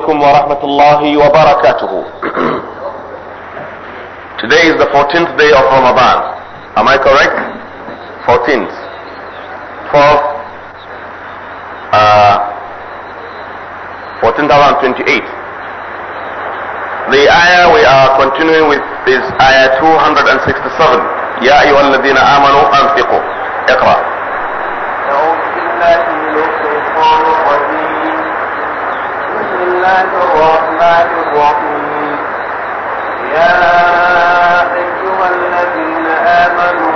عليكم ورحمة الله وبركاته Today is the 14th day of Ramadan. Am I correct? 14th. 12th. Uh, 14,028. The ayah we are continuing with is ayah 267. يا أيها الذين آمنوا أنفقوا. اقرأ. ربكم يا أيها الذين آمنوا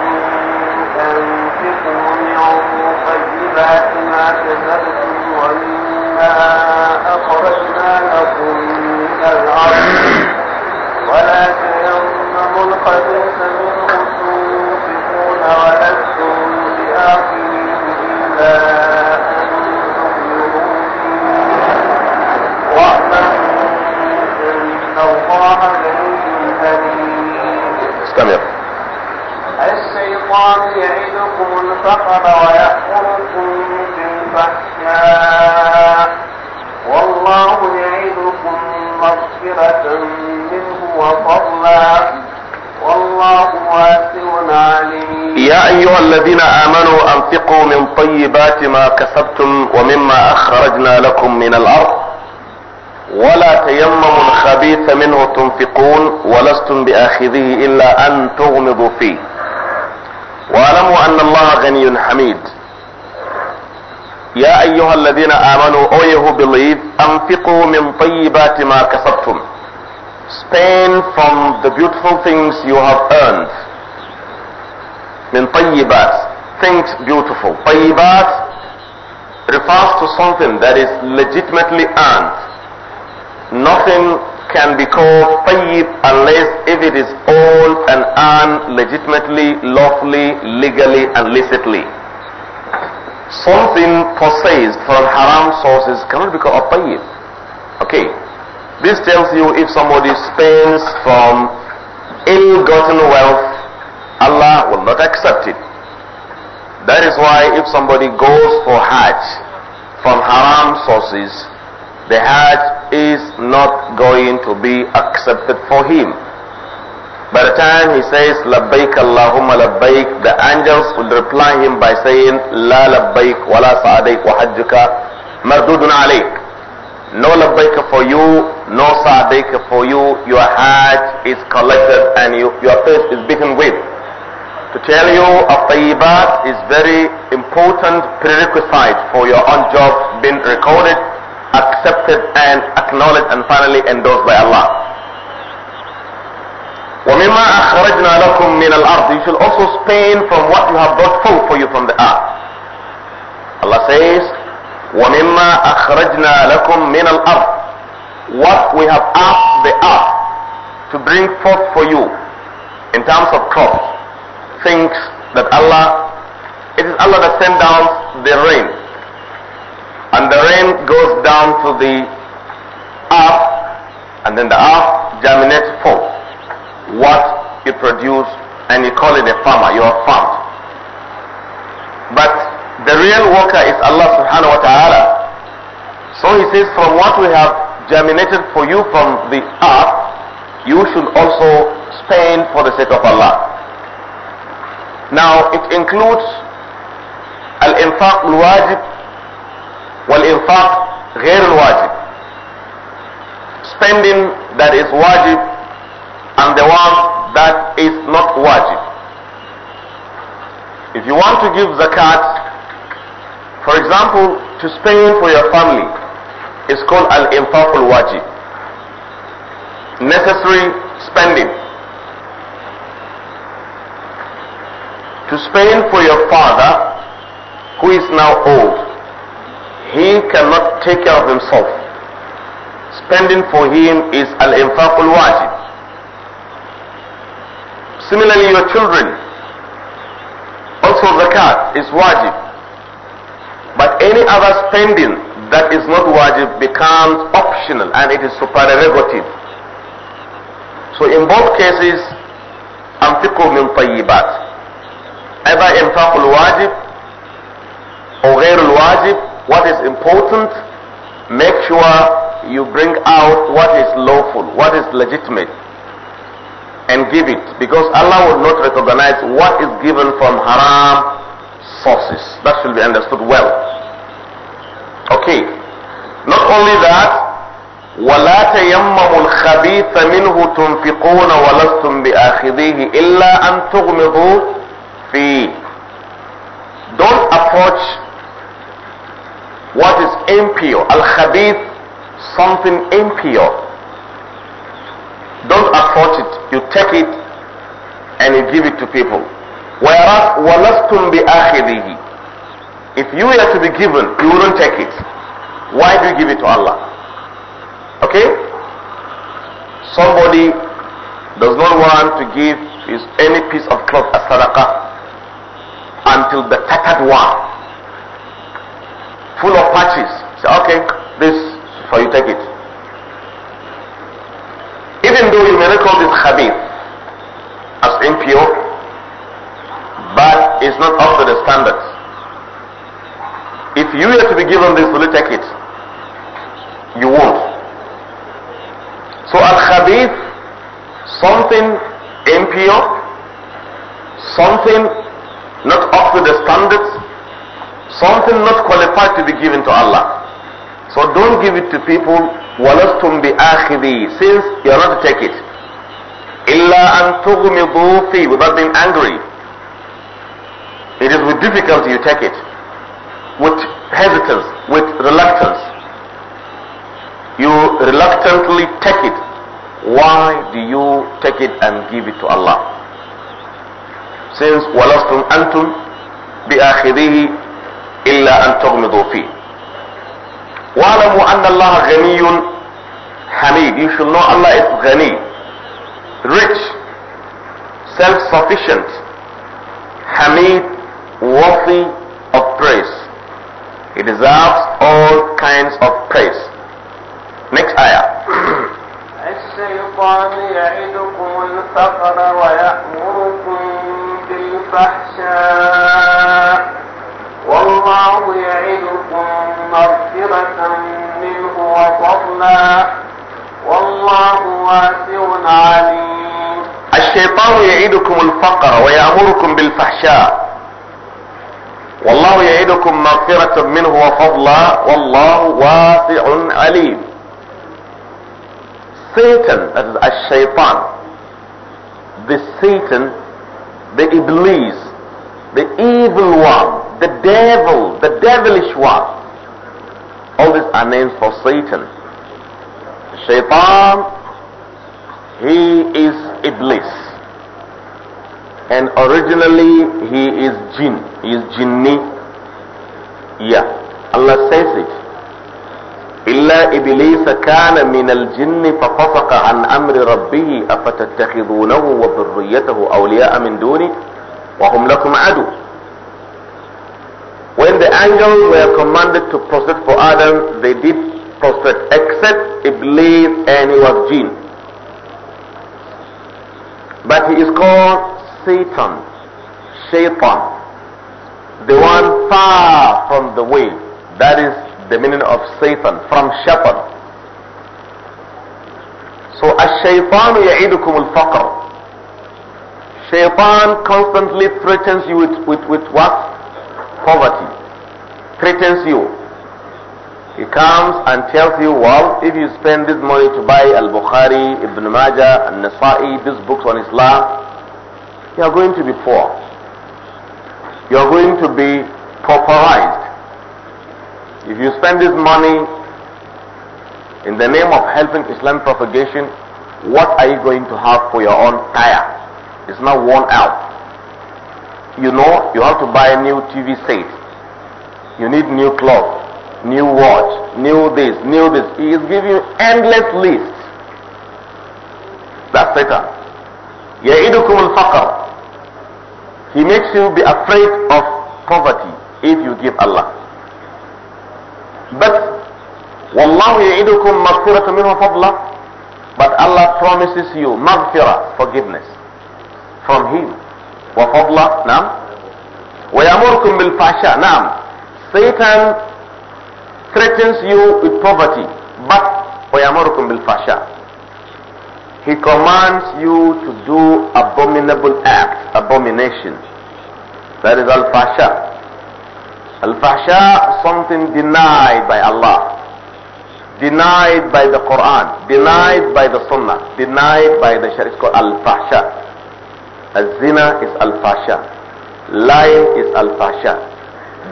أنفقوا من طيبات ما كسبتم ومما أخرجنا لكم من الأرض ولا تيمموا الخبيث منه تنفقون ولستم بآخره إلا استمر الشيطان يعدكم الفقر ويأمركم بالفحشاء والله يعدكم مغفرة منه وفضلا والله واسع عليم يا أيها الذين آمنوا أنفقوا من طيبات ما كسبتم ومما أخرجنا لكم من الأرض ولا تيمموا الخبيث منه تنفقون ولستم باخذه الا ان تغمضوا فيه واعلموا ان الله غني حميد يا ايها الذين امنوا او you انفقوا من طيبات ما كسبتم spend from the beautiful things you have earned من طيبات things beautiful طيبات refers to something that is legitimately earned Nothing can be called tayyib unless if it is owned and earned legitimately, lawfully, legally and licitly. Something possessed from haram sources cannot be called tayyib. Okay. This tells you if somebody spends from ill-gotten wealth, Allah will not accept it. That is why if somebody goes for Hajj from haram sources, the Hajj is not going to be accepted for him. By the time he says, Labbaik Allahumma Labbaik, the angels will reply him by saying, La Labbaik wa la Sa'adaik wa Hajjuka Mardudun Alaik. No Labbaik for you, no Sa'adaik for you, your Hajj is collected and you, your face is beaten with. To tell you, At-Tayyibat is very important prerequisite for your own job being recorded accepted and acknowledged and finally endorsed by Allah. وَمِمَّا أَخْرَجْنَا لَكُم مِّنَ الْأَرْضِ You shall also spend from what you have brought forth for you from the earth. Allah says, وَمِمَّا أَخْرَجْنَا لَكُم مِّنَ الْأَرْضِ What we have asked the earth to bring forth for you in terms of crops, things that Allah, it is Allah that sends down the rain and the rain goes down to the earth and then the earth germinates forth what you produce and you call it a farmer, you are farmed. But the real worker is Allah subhanahu wa ta'ala. So he says from what we have germinated for you from the earth, you should also spend for the sake of Allah. Now it includes al-infaq al-wajib والإنفاق غير الواجب spending that is wajib and the one that is not wajib if you want to give zakat for example to spend for your family is called al-infaq al-wajib necessary spending to spend for your father who is now old he cannot take care of himself. Spending for him is al-infaq wajib Similarly, your children, also zakat is wajib. But any other spending that is not wajib becomes optional and it is supererogative. So in both cases, أنفقوا من طيبات. Either infaq wajib or غير wajib what is important, make sure you bring out what is lawful, what is legitimate, and give it. Because Allah will not recognize what is given from haram sources. That should be understood well. Okay. Not only that, ولا تيمموا الخبيث منه تنفقون ولستم بآخذيه إلا أن تغمضوا فيه. Don't approach what is impure? Al-khabith, something impure. Don't approach it. You take it and you give it to people. Whereas, وَلَسْتُمْ بِآخِذِهِ If you were to be given, you wouldn't take it. Why do you give it to Allah? Okay? Somebody does not want to give his any piece of cloth as sadaqah until the tattered one full of patches. Say, okay, this for you, take it. Even though you may not call this khabith as impure, but it's not up to the standards. If you were to be given this, will you take it? You won't. So al-khabith, something impure, something not up to the standards, Something not qualified to be given to Allah. So don't give it to people. وَلَسْتُمْ بِآخِذِي Since you're not to take it. إِلَّا أَن تُغْمِضُوا فِي Without being angry. It is with difficulty you take it. With hesitance, with reluctance. You reluctantly take it. Why do you take it and give it to Allah? Since وَلَسْتُمْ أَنْتُمْ بِآخِذِهِ إلا أن تغمضوا فيه واعلموا أن الله غني حميد you should know Allah is غني rich self-sufficient حميد worthy of praise he deserves all kinds of praise next ayah الشيطان يعدكم الفقر ويأمركم بالفحشاء والله يعدكم مغفرة منه وفضلا والله واسع عليم الشيطان يعدكم الفقر ويأمركم بالفحشاء والله يعدكم مغفرة منه وفضلا والله واسع عليم Satan, الشيطان, the Satan, the Iblis, the evil one, the devil, the devilish one. All these are names for Satan. Shaitan, he is Iblis. And originally he is jinn, he is jinni. Yeah, Allah says it. إلا إبليس كان من الجن ففسق عن أمر ربه أفتتخذونه وذريته أولياء من دونه وَهُمْ لَكُمْ عَدُوٌ When the angels were commanded to prostrate for Adam, they did prostrate except Iblis and he was jinn. But he is called Satan, Shaitan, the one far from the way. That is the meaning of Satan, from shepherd. So, الشيطان يعيدكم الفقر Shaitan constantly threatens you with, with, with what? Poverty. Threatens you. He comes and tells you, well, if you spend this money to buy Al-Bukhari, Ibn Majah, and nasai these books on Islam, you are going to be poor. You are going to be pauperized. If you spend this money in the name of helping Islam propagation, what are you going to have for your own tire? It's now worn out. You know, you have to buy a new TV set. You need new clothes, new watch, new this, new this. He is giving you endless lists. That's Satan. يَعِدُكُمُ الْفَقَرُ he makes you be afraid of poverty if you give Allah. But Wallahu ya'idukum maghfiratan minhu fadla. But Allah promises you maghfirah, forgiveness. from him وفضله نعم ويأمركم بالفحشاء نعم Satan threatens you with poverty but ويأمركم بالفحشاء He commands you to do abominable acts, abomination. That is al-fahsha. Al-fahsha, something denied by Allah, denied by the Quran, denied by the Sunnah, denied by the Sharia. It's called al-fahsha. zina is al-fasha. Lying is al-fasha.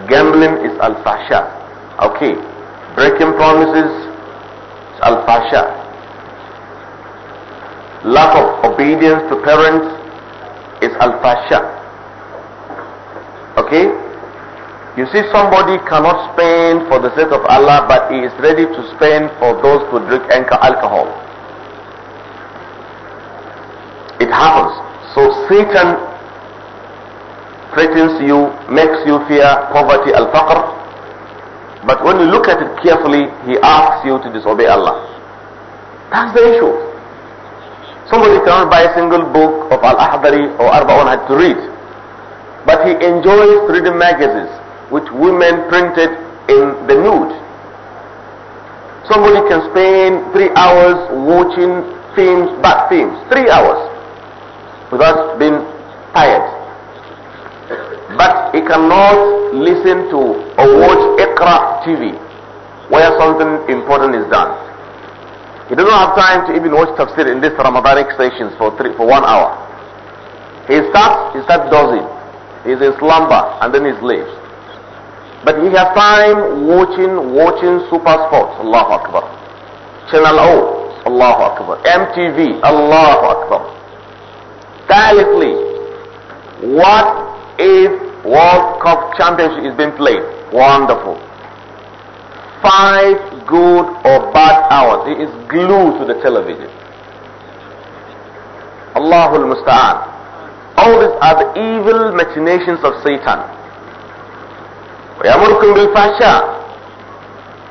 Gambling is al-fasha. Okay. Breaking promises is al-fasha. Lack of obedience to parents is al-fasha. Okay? You see, somebody cannot spend for the sake of Allah, but he is ready to spend for those who drink alcohol. Satan threatens you, makes you fear poverty, al-faqr. But when you look at it carefully, he asks you to disobey Allah. That's the issue. Somebody cannot buy a single book of Al-Ahdari or Arba'un had to read. But he enjoys reading magazines which women printed in the nude. Somebody can spend three hours watching films, bad films, three hours without being tired. But he cannot listen to or watch Iqra TV where something important is done. He doesn't have time to even watch tafsir in these Ramadanic sessions for three, for one hour. He starts, he starts dozing. He's in slumber and then he sleeps. But he has time watching, watching super sports. Allahu Akbar. Channel O. Allahu Akbar. MTV. Allahu Akbar tirelessly what if World Cup Championship is being played? Wonderful. Five good or bad hours. He is glued to the television. Allahul Musta'an. All these are the evil machinations of Satan. ويأمركم بالفحشاء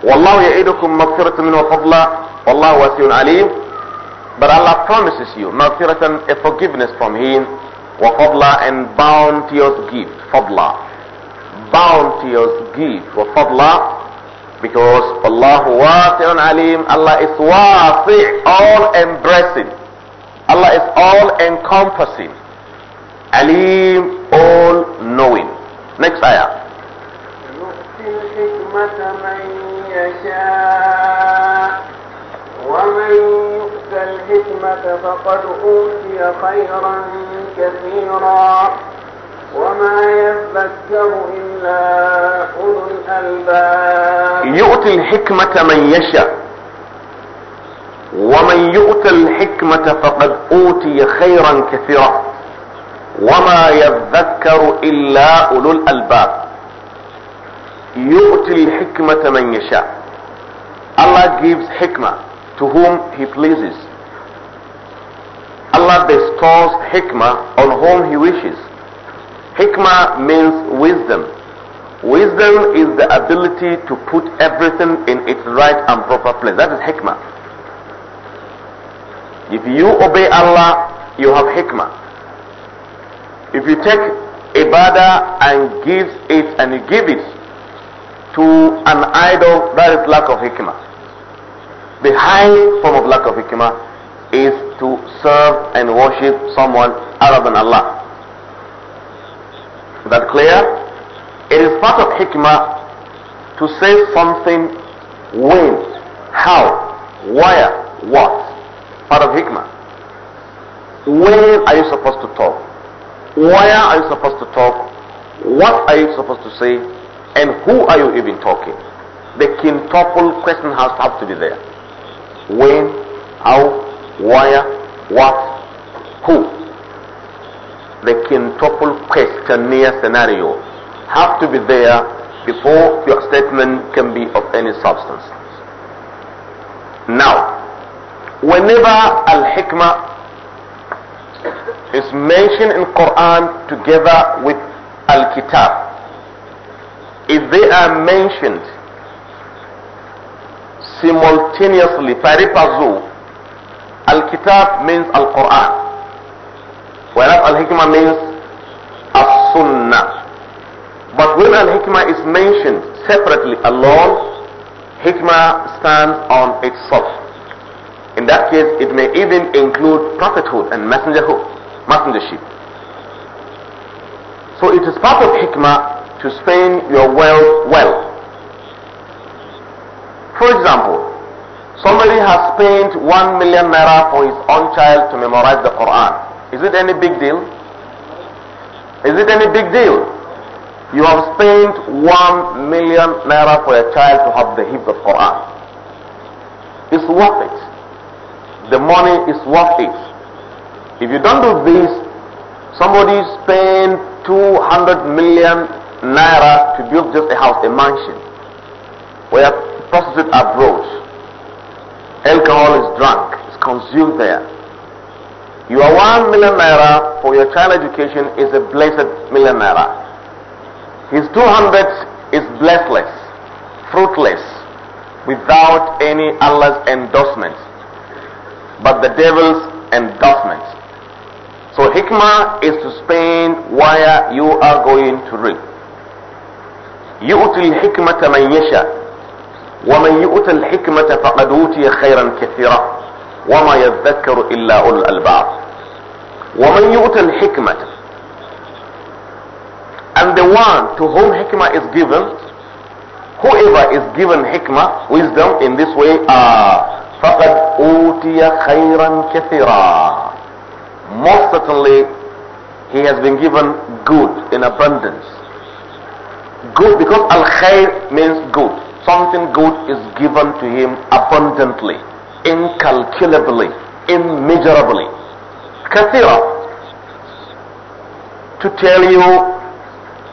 والله يعيدكم مغفرة منه وفضلا والله واسع عليم but Allah promises you maghfiratan, a forgiveness from Him, wa fadla, and bounteous gift, fadla. Bounteous gift, wa fadla, because Allah wasi'un alim, Allah is wasi', all embracing. Allah is all encompassing. Alim, all knowing. Next ayah. ومن الحكمة فقد أوتي خيرا كثيرا وما يذكر إلا أولو الألباب يؤتي الحكمة من يشاء ومن يؤت الحكمة فقد أوتي خيرا كثيرا وما يذكر إلا أولو الألباب يؤتي الحكمة من يشاء Allah gives hikmah to whom he pleases Allah bestows hikmah on whom He wishes. Hikmah means wisdom. Wisdom is the ability to put everything in its right and proper place. That is hikmah. If you obey Allah, you have hikmah. If you take ibadah and give it and you give it to an idol, that is lack of hikmah. The high form of lack of hikmah is to serve and worship someone other than Allah. Is that clear? It is part of hikmah to say something when, how, where, what. Part of hikmah. When are you supposed to talk? Where are you supposed to talk? What are you supposed to say? And who are you even talking? The quintuple question has to be there. When, how, why, what, who. The quintuple questionnaire scenario have to be there before your statement can be of any substance. Now, whenever al-hikmah is mentioned in Quran together with al-kitab, if they are mentioned simultaneously, paripazu, Al-Kitab means Al-Quran. Whereas Al-Hikmah means As-Sunnah. But when Al-Hikmah is mentioned separately alone, Hikmah stands on itself. In that case, it may even include prophethood and messengerhood, messengership. So it is part of Hikmah to spend your wealth well. For example, Somebody has spent one million naira for his own child to memorize the Quran. Is it any big deal? Is it any big deal? You have spent one million naira for a child to have the hip of Quran. It's worth it. The money is worth it. If you don't do this, somebody spent 200 million naira to build just a house, a mansion, where prostitutes are brought Alcohol is drunk, it's consumed there. Your one million naira for your child education is a blessed million naira. His 200 is blessless, fruitless, without any Allah's endorsement, but the devil's endorsement. So hikmah is to spend where you are going to reap. يؤتي الحكمة من يشاء ومن يؤت الحكمة فقد أوتي خيرا كثيرا وما يذكر إلا أولو الألباب ومن يؤت الحكمة and the one to whom hikmah is given whoever is given hikmah wisdom in this way uh, فقد أوتي خيرا كثيرا most certainly he has been given good in abundance good because al-khair means good something good is given to him abundantly, incalculably, immeasurably. Kathira. To tell you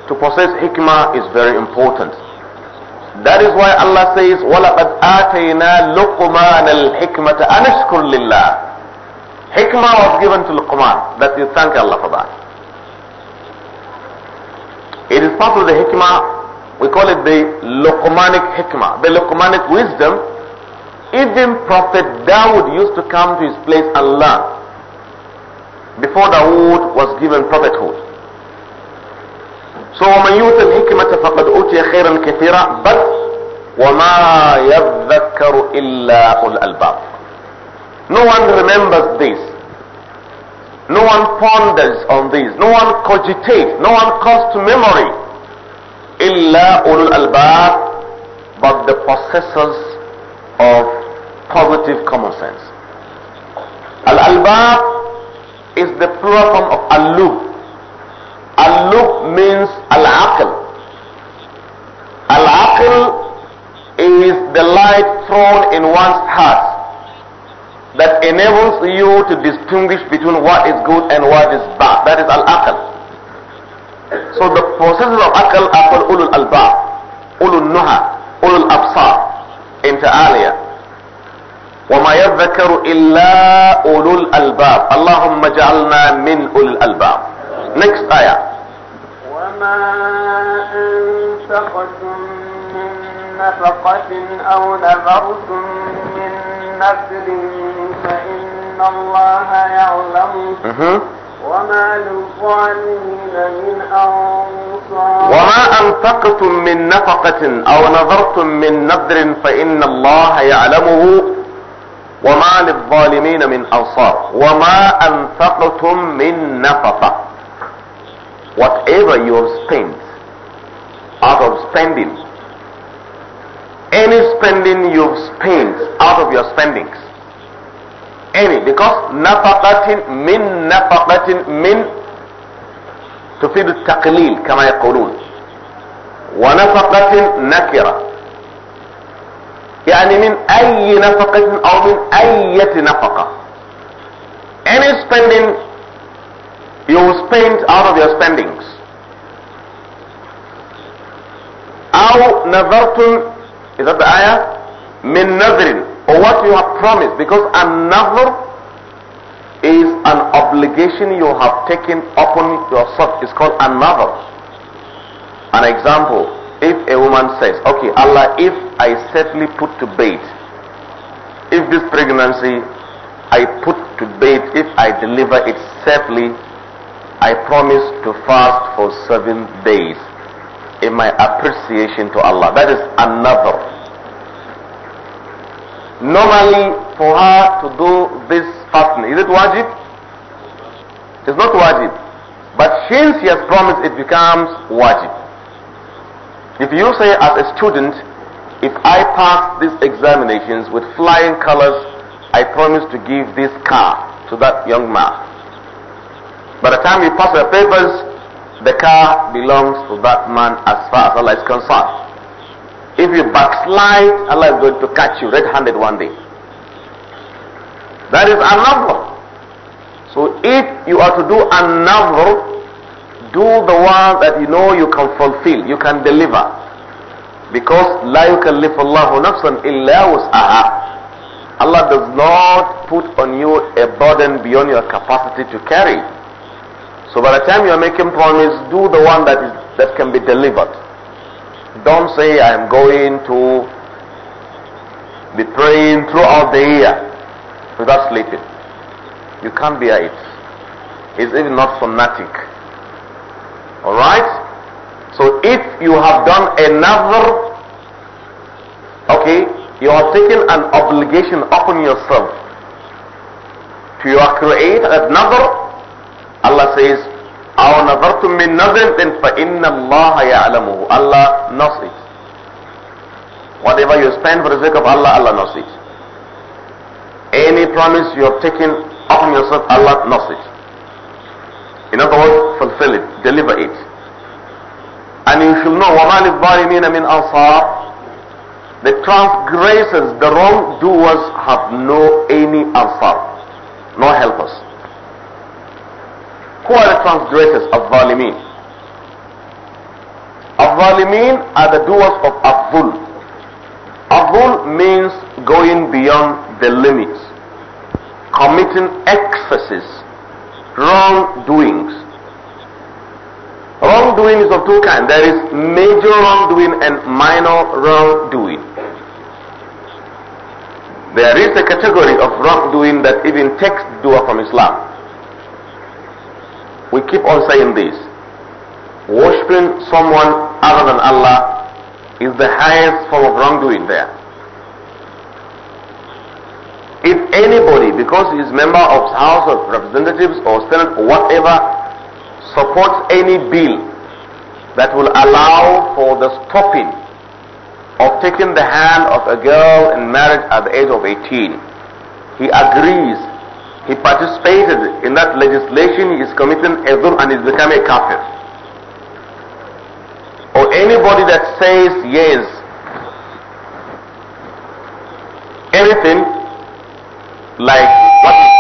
to possess hikmah is very important. That is why Allah says, وَلَقَدْ آتَيْنَا لُقْمَانَ الْحِكْمَةَ أَنِشْكُرْ لِلَّهِ Hikmah was given to Luqman. That you thank Allah for that. It is part of the hikmah we call it the Luqmanic Hikmah, the Luqmanic wisdom. Even Prophet Dawood used to come to his place and learn before Dawood was given prophethood. So ومن يؤت الحكمة فقد أوتي خيرا كثيرا بل وما يذكر إلا أولو الألباب. No one remembers this. No one ponders on this. No one cogitates. No one calls to memory إِلَّا أُولُو الْأَلْبَابِ But the possessors of positive common sense. Al-albab is the plural form of al-lub. Al-lub means al-aql. Al-aql is the light thrown in one's heart that enables you to distinguish between what is good and what is bad. That is al-aql. So the possessors of akal are called ulul albab, ulul nuha, ulul absar, inter alia. وما يذكر إلا أولو الألباب اللهم اجعلنا من أولو الألباب Next آية وما أنفقتم من نفقة أو نذرتم من نذر فإن الله يعلم mm-hmm. وما من وما أنفقتم من نفقة أو نظرتم من نذر فإن الله يعلمه وما للظالمين من أنصار وما أنفقتم من نفقة whatever you have spent out of spending any spending you've spent out of your spendings any because نفقة من نفقة من تفيد التقليل كما يقولون ونفقة نكرة يعني من أي نفقة أو من أي نفقة any spending you spend out of your spendings أو نذرتم إذا الآية من نذر or what you have promised because another is an obligation you have taken upon yourself it's called another an example if a woman says okay allah if i safely put to bed if this pregnancy i put to bed if i deliver it safely i promise to fast for seven days in my appreciation to allah that is another normally for her to do this fasting. Is it wajib? It's not wajib. But since she has promised, it becomes wajib. If you say as a student, if I pass these examinations with flying colors, I promise to give this car to that young man. By the time you pass the papers, the car belongs to that man as far as Allah is concerned. If you backslide, Allah is going to catch you red-handed one day. That is another. So if you are to do another, do the one that you know you can fulfill, you can deliver. Because لا يكلف الله نفسا إلا وسعها Allah does not put on you a burden beyond your capacity to carry. So by the time you are making promise, do the one that is that can be delivered. Don't say I am going to be praying throughout the year without sleeping. You can't bear it. It's even not fanatic. Alright? So if you have done another, okay, you are taking an obligation upon yourself to your creator, another, Allah says, أو نظرتم من nothing فإن الله يعلمه Allah knows it whatever you spend for the sake of Allah Allah knows it any promise you have taken upon yourself Allah knows it in other words fulfill it deliver it and you should know وما للظالمين من أنصار the transgressors the wrongdoers have no any answer no helpers who are the transgressors? of zalimin al are the doers of Abdul. Abdul means going beyond the limits, committing excesses, wrongdoings. Wrongdoing is of two kinds. There is major wrongdoing and minor wrongdoing. There is a category of wrongdoing that even takes dua from Islam. We keep on saying this. Worshipping someone other than Allah is the highest form of wrongdoing there. If anybody, because he is member of House of Representatives or Senate or whatever, supports any bill that will allow for the stopping of taking the hand of a girl in marriage at the age of 18, he agrees he participated in that legislation, he is committing a and is becoming a kafir. Or anybody that says yes, anything like what is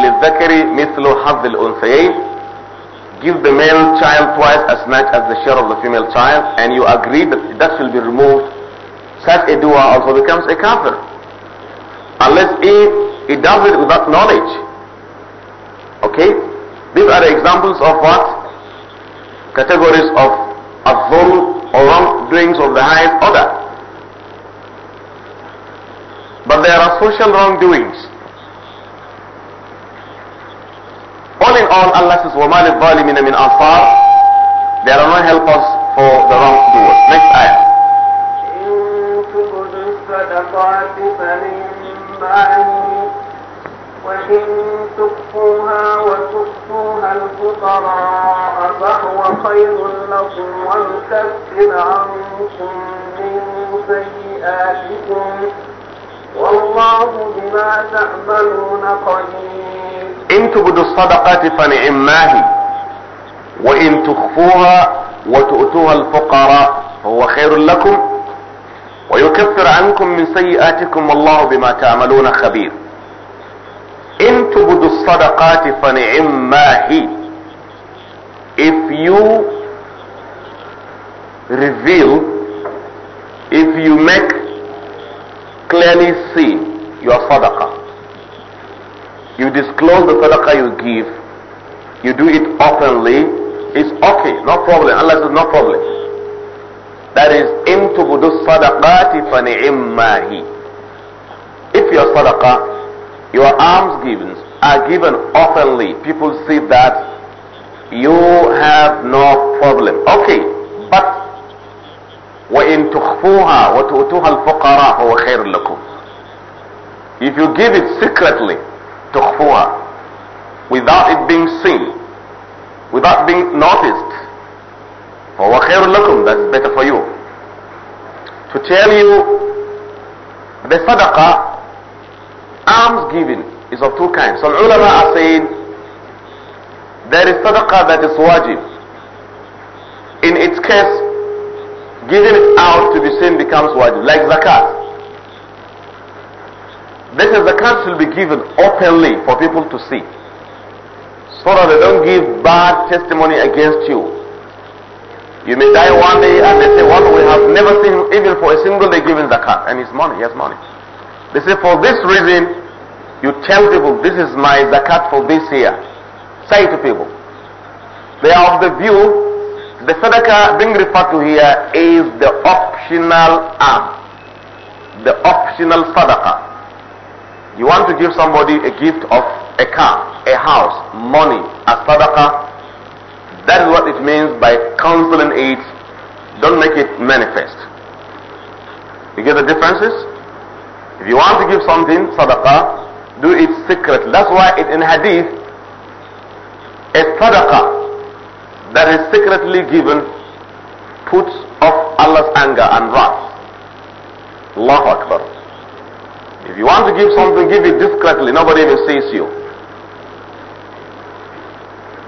للذكر give the male child twice as much as the share of the female child and you agree that that will be removed such a doer also becomes a kafir Unless he, he does it without knowledge. Okay? These are examples of what? Categories of abhul or wrongdoings of the highest order. But there are social wrongdoings. All in all, Allah says, وَمَا لِلظَّالِمِينَ مِنْ أَنصَارٍ There are no helpers for the wrongdoers. Next ayah. وإن تخفوها وتؤتوها الفقراء فهو خير لكم ويكفر عنكم من سيئاتكم والله بما تعملون قدير إن تبدوا الصدقات فنعماه وإن تخفوها وتؤتوها الفقراء هو خير لكم ويكفر عنكم من سيئاتكم والله بما تعملون خبير إن تبدوا الصدقات فنعم ما هي if you reveal if you make clearly see your sadaqah you disclose the sadaqah you give you do it openly it's okay no problem Allah says no problem That is, in tubudu sadaqati fani'immahi. If your sadaqah, your almsgivings are given openly, people see that you have no problem. Okay, but وَإِن تُخْفُوهَا al الْفُقَرَاءَ فَهُوَ khair لَكُمْ If you give it secretly, تُخْفُوهَا, without it being seen, without being noticed, وَخَيْرٌ لَكُمْ That's better for you. To tell you the sadaqah, alms giving is of two kinds. So ulama are saying there is sadaqah that is wajib. In its case, giving it out to the sin becomes wajib, like zakat. This is zakat should be given openly for people to see. So that they don't give bad testimony against you. You may die one day and they say, well, we have never seen even for a single day giving zakat. And his money, he has money. They say, for this reason, you tell people, this is my zakat for this year. Say to people. They are of the view, the sadaqah being referred to here is the optional arm. The optional sadaqah. You want to give somebody a gift of a car, a house, money, a sadaqah, that is what it means by counsel and aid. Don't make it manifest. You get the differences? If you want to give something, sadaqah, do it secret. That's why it, in hadith, a sadaqah that is secretly given puts off Allah's anger and wrath. Allahu Akbar. If you want to give something, give it discreetly. Nobody will see you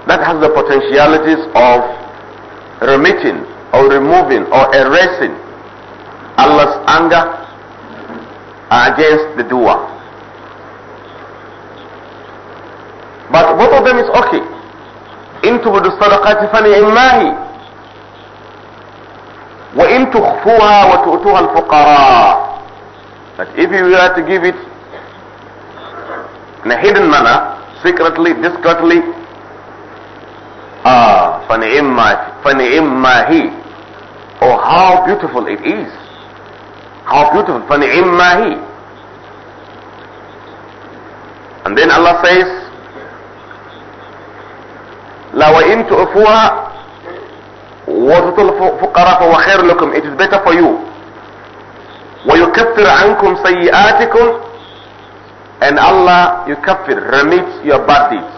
that has the potentialities of remitting or removing or erasing Allah's anger against the doer. But both of them is okay. إن تبدوا الصدقات فنعماه وإن تخفوها وتؤتوها الفقراء But if you were to give it in a hidden manner, secretly, discreetly, فَنِعْمَهِ فَنِعِمَّا Oh, how beautiful it is. How beautiful. فَنِعِمَّا And then Allah says, لَوَإِن تُعْفُوهَا وَتُتُوا الْفُقَرَى فَوَا خَيْرٌ لَكُمْ It is better for you. وَيُكَفِّرْ عَنْكُمْ سَيِّئَاتِكُمْ And Allah, you kafir, remits your bad deeds.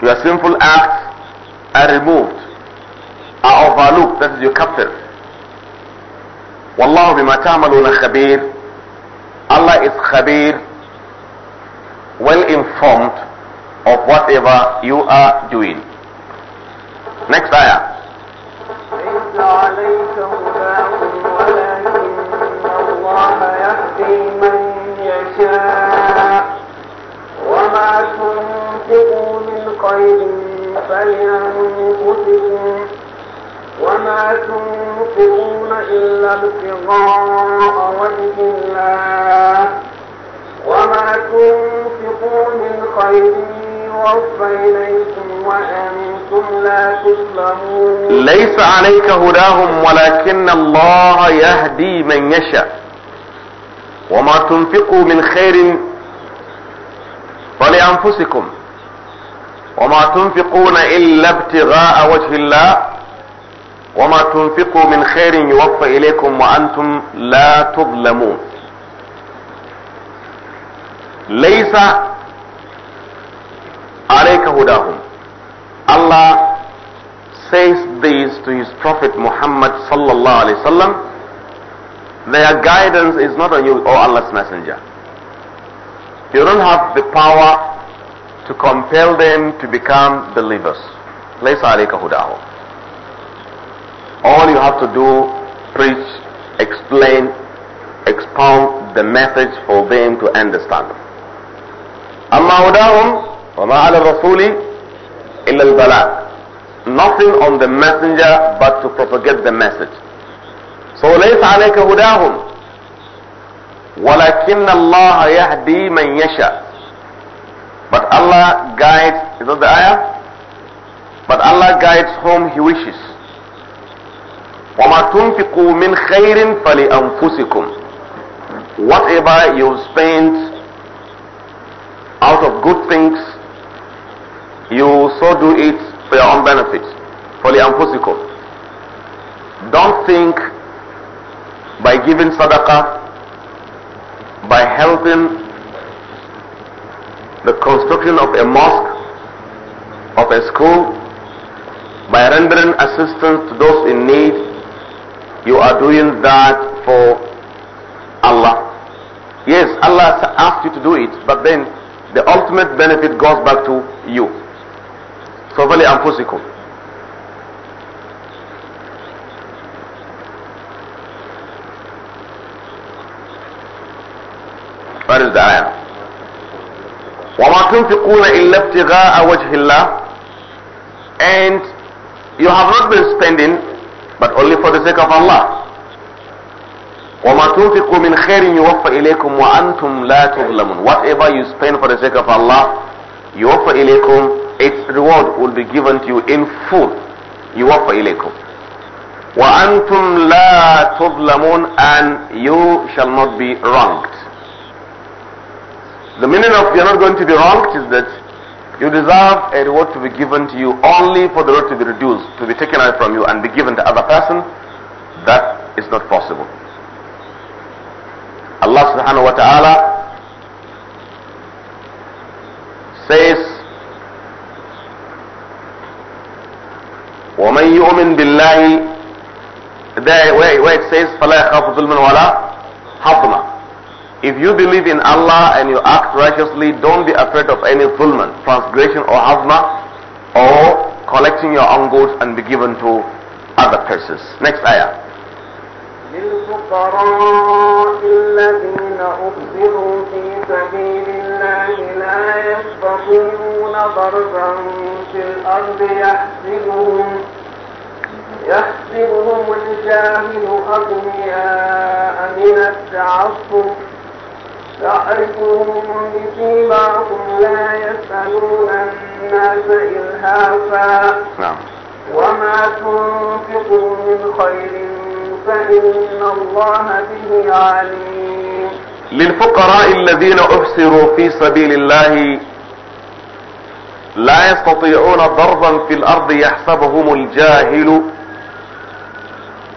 Your sinful acts are removed, are overlooked. That is your captive. Wallahu bima ta'maluna khabir. Allah is khabir, well informed of whatever you are doing. Next ayah. يهدي من يشاء خير فلأنفسهم وما تنفقون إلا ابتغاء وجه الله وما تنفقوا من خير يوفى إليكم وأنتم لا تظلمون ليس عليك هداهم ولكن الله يهدي من يشاء وما تنفقوا من خير فلأنفسكم وما تنفقون إلا ابتغاء وجه الله وما تنفقوا من خير يوفى إليكم وأنتم لا تظلمون ليس عليك هداهم Allah says this to his prophet Muhammad sallallahu alaihi wasallam their guidance is not on you or Allah's messenger you don't have the power to compel them to become believers. ليس عليك هداهم. All you have to do, preach, explain, expound the message for them to understand. Amma أما هداهم وما على الرسول إلا البلاغ. Nothing on the messenger but to propagate the message. So ليس عليك هداهم ولكن الله يهدي من يشاء. But Allah guides, is that the ayah? But Allah guides whom He wishes. وَمَا تُنْفِقُوا مِنْ خَيْرٍ فَلِأَنفُسِكُمْ Whatever you spend out of good things, you so do it for your own benefit. فَلِأَنفُسِكُمْ Don't think by giving sadaqah, by helping the construction of a mosque, of a school, by rendering assistance to those in need, you are doing that for Allah. Yes, Allah has asked you to do it, but then the ultimate benefit goes back to you. So, Sovali and physical. Where is the ayah? وَمَا تُنْفِقُونَ إِلَّا ابْتِغَاءَ وَجْهِ اللَّهِ And you have not been spending, but only for the sake of Allah. وَمَا تُنْفِقُوا مِنْ خَيْرٍ يُوَفَّ إِلَيْكُمْ وَأَنْتُمْ لَا تُظْلَمُونَ Whatever you spend for the sake of Allah, يُوَفَّ إِلَيْكُمْ Its reward will be given to you in full. يُوَفَّ إِلَيْكُمْ وأنتم لا تظلمون and you shall not be wronged the meaning of you're not going to be wronged is that you deserve a reward to be given to you only for the reward to be reduced, to be taken away from you and be given to other person. That is not possible. Allah subhanahu wa ta'ala says ومن يؤمن بالله there where, where it says فلا يخاف ظلما ولا حظما if you believe in Allah and you act righteously, don't be afraid of any fulfillment, transgression or hazma, or collecting your own goods and be given to other persons. Next ayah. للفقراء الذين في سبيل الله لا يستطيعون ضربا في الأرض يحسبهم يحسبهم الجاهل أغنياء من التعصب تعرفهم بسيماهم لا يسألون الناس إلهافا نعم وما تنفقوا من خير فإن الله به عليم للفقراء الذين أحسروا في سبيل الله لا يستطيعون ضربا في الأرض يحسبهم الجاهل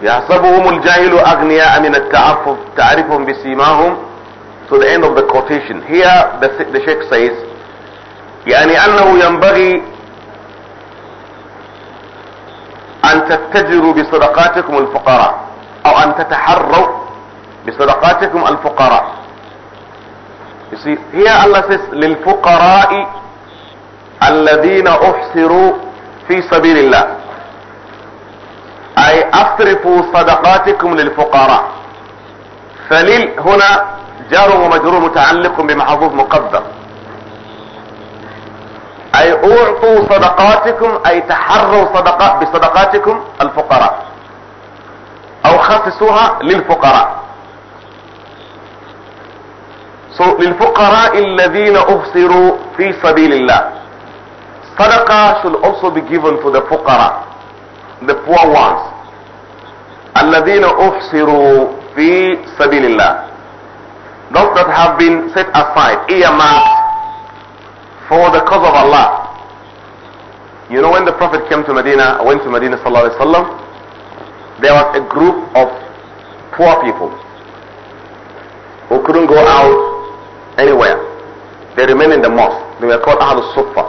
يحسبهم الجاهل أغنياء من التعرف تعرفهم بسيماهم to the end of the quotation. Here the, the Sheikh says, يعني أنه ينبغي أن تتجروا بصدقاتكم الفقراء أو أن تتحروا بصدقاتكم الفقراء. You see, here Allah says للفقراء الذين أحصروا في سبيل الله. أي أصرفوا صدقاتكم للفقراء. فلل هنا جار ومجرور متعلق بمحظوظ مقدر اي اعطوا صدقاتكم اي تحروا صدقات بصدقاتكم الفقراء او خصصوها للفقراء so, للفقراء الذين افسروا في سبيل الله صدقة should also be given to the fuqara the poor ones الذين احصروا في سبيل الله Those that have been set aside, earmarked for the cause of Allah. You know when the Prophet came to Medina, went to Medina sallallahu alayhi wasallam, there was a group of poor people who couldn't go out anywhere. They remained in the mosque. They were called Ahlus Sufa.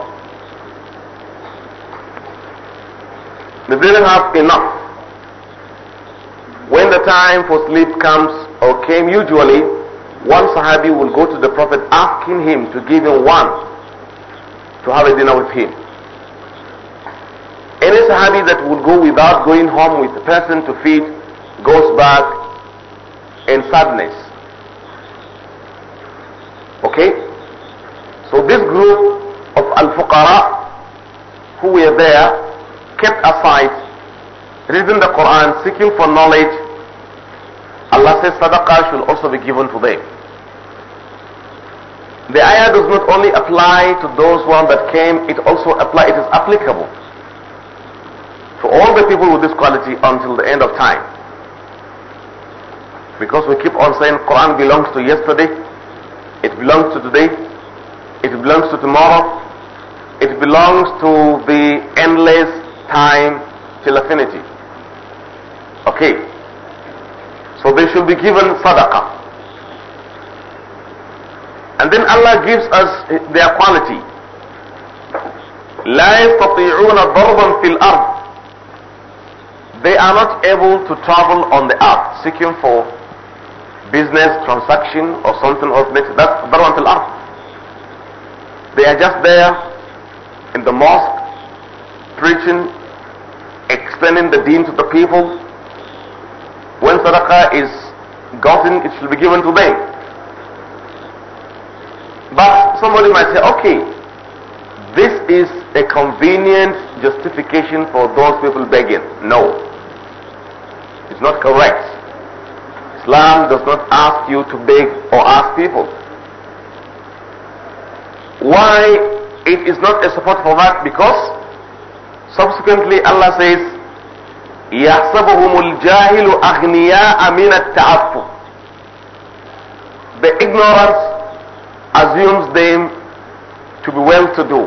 They didn't have enough. When the time for sleep comes or came usually, one Sahabi will go to the Prophet asking him to give him one to have a dinner with him. Any Sahabi that would go without going home with a person to feed goes back in sadness. Okay? So this group of Al-Fuqara who were there kept aside reading the Quran, seeking for knowledge Allah says sadaqah should also be given to them. The ayah does not only apply to those one that came, it also apply, it is applicable to all the people with this quality until the end of time. Because we keep on saying Quran belongs to yesterday, it belongs to today, it belongs to tomorrow, it belongs to the endless time till infinity. Okay. So they should be given sadaqah. And then Allah gives us their quality. لا يستطيعون ضربا في الأرض They are not able to travel on the earth seeking for business transaction or something of that. That's ضربا في They are just there in the mosque preaching, explaining the deen to the people, when sadaqah is gotten, it should be given to them. But somebody might say, okay, this is a convenient justification for those people begging. No. It's not correct. Islam does not ask you to beg or ask people. Why it is not a support for that? Because subsequently Allah says, يحسبهم الجاهل أغنياء من التعفف The ignorance assumes them to be well-to-do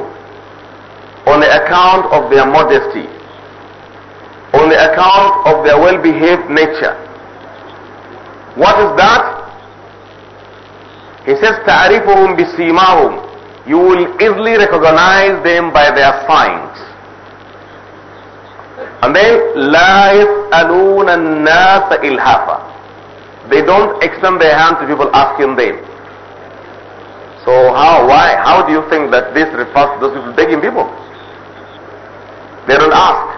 on the account of their modesty, on the account of their well-behaved nature. What is that? He says, تعرفهم بسيماهم. You will easily recognize them by their signs. And then, La yas'aluna nasa ilhafa. They don't extend their hand to people asking them. So how, why, how do you think that this refers to those people begging people? They don't ask.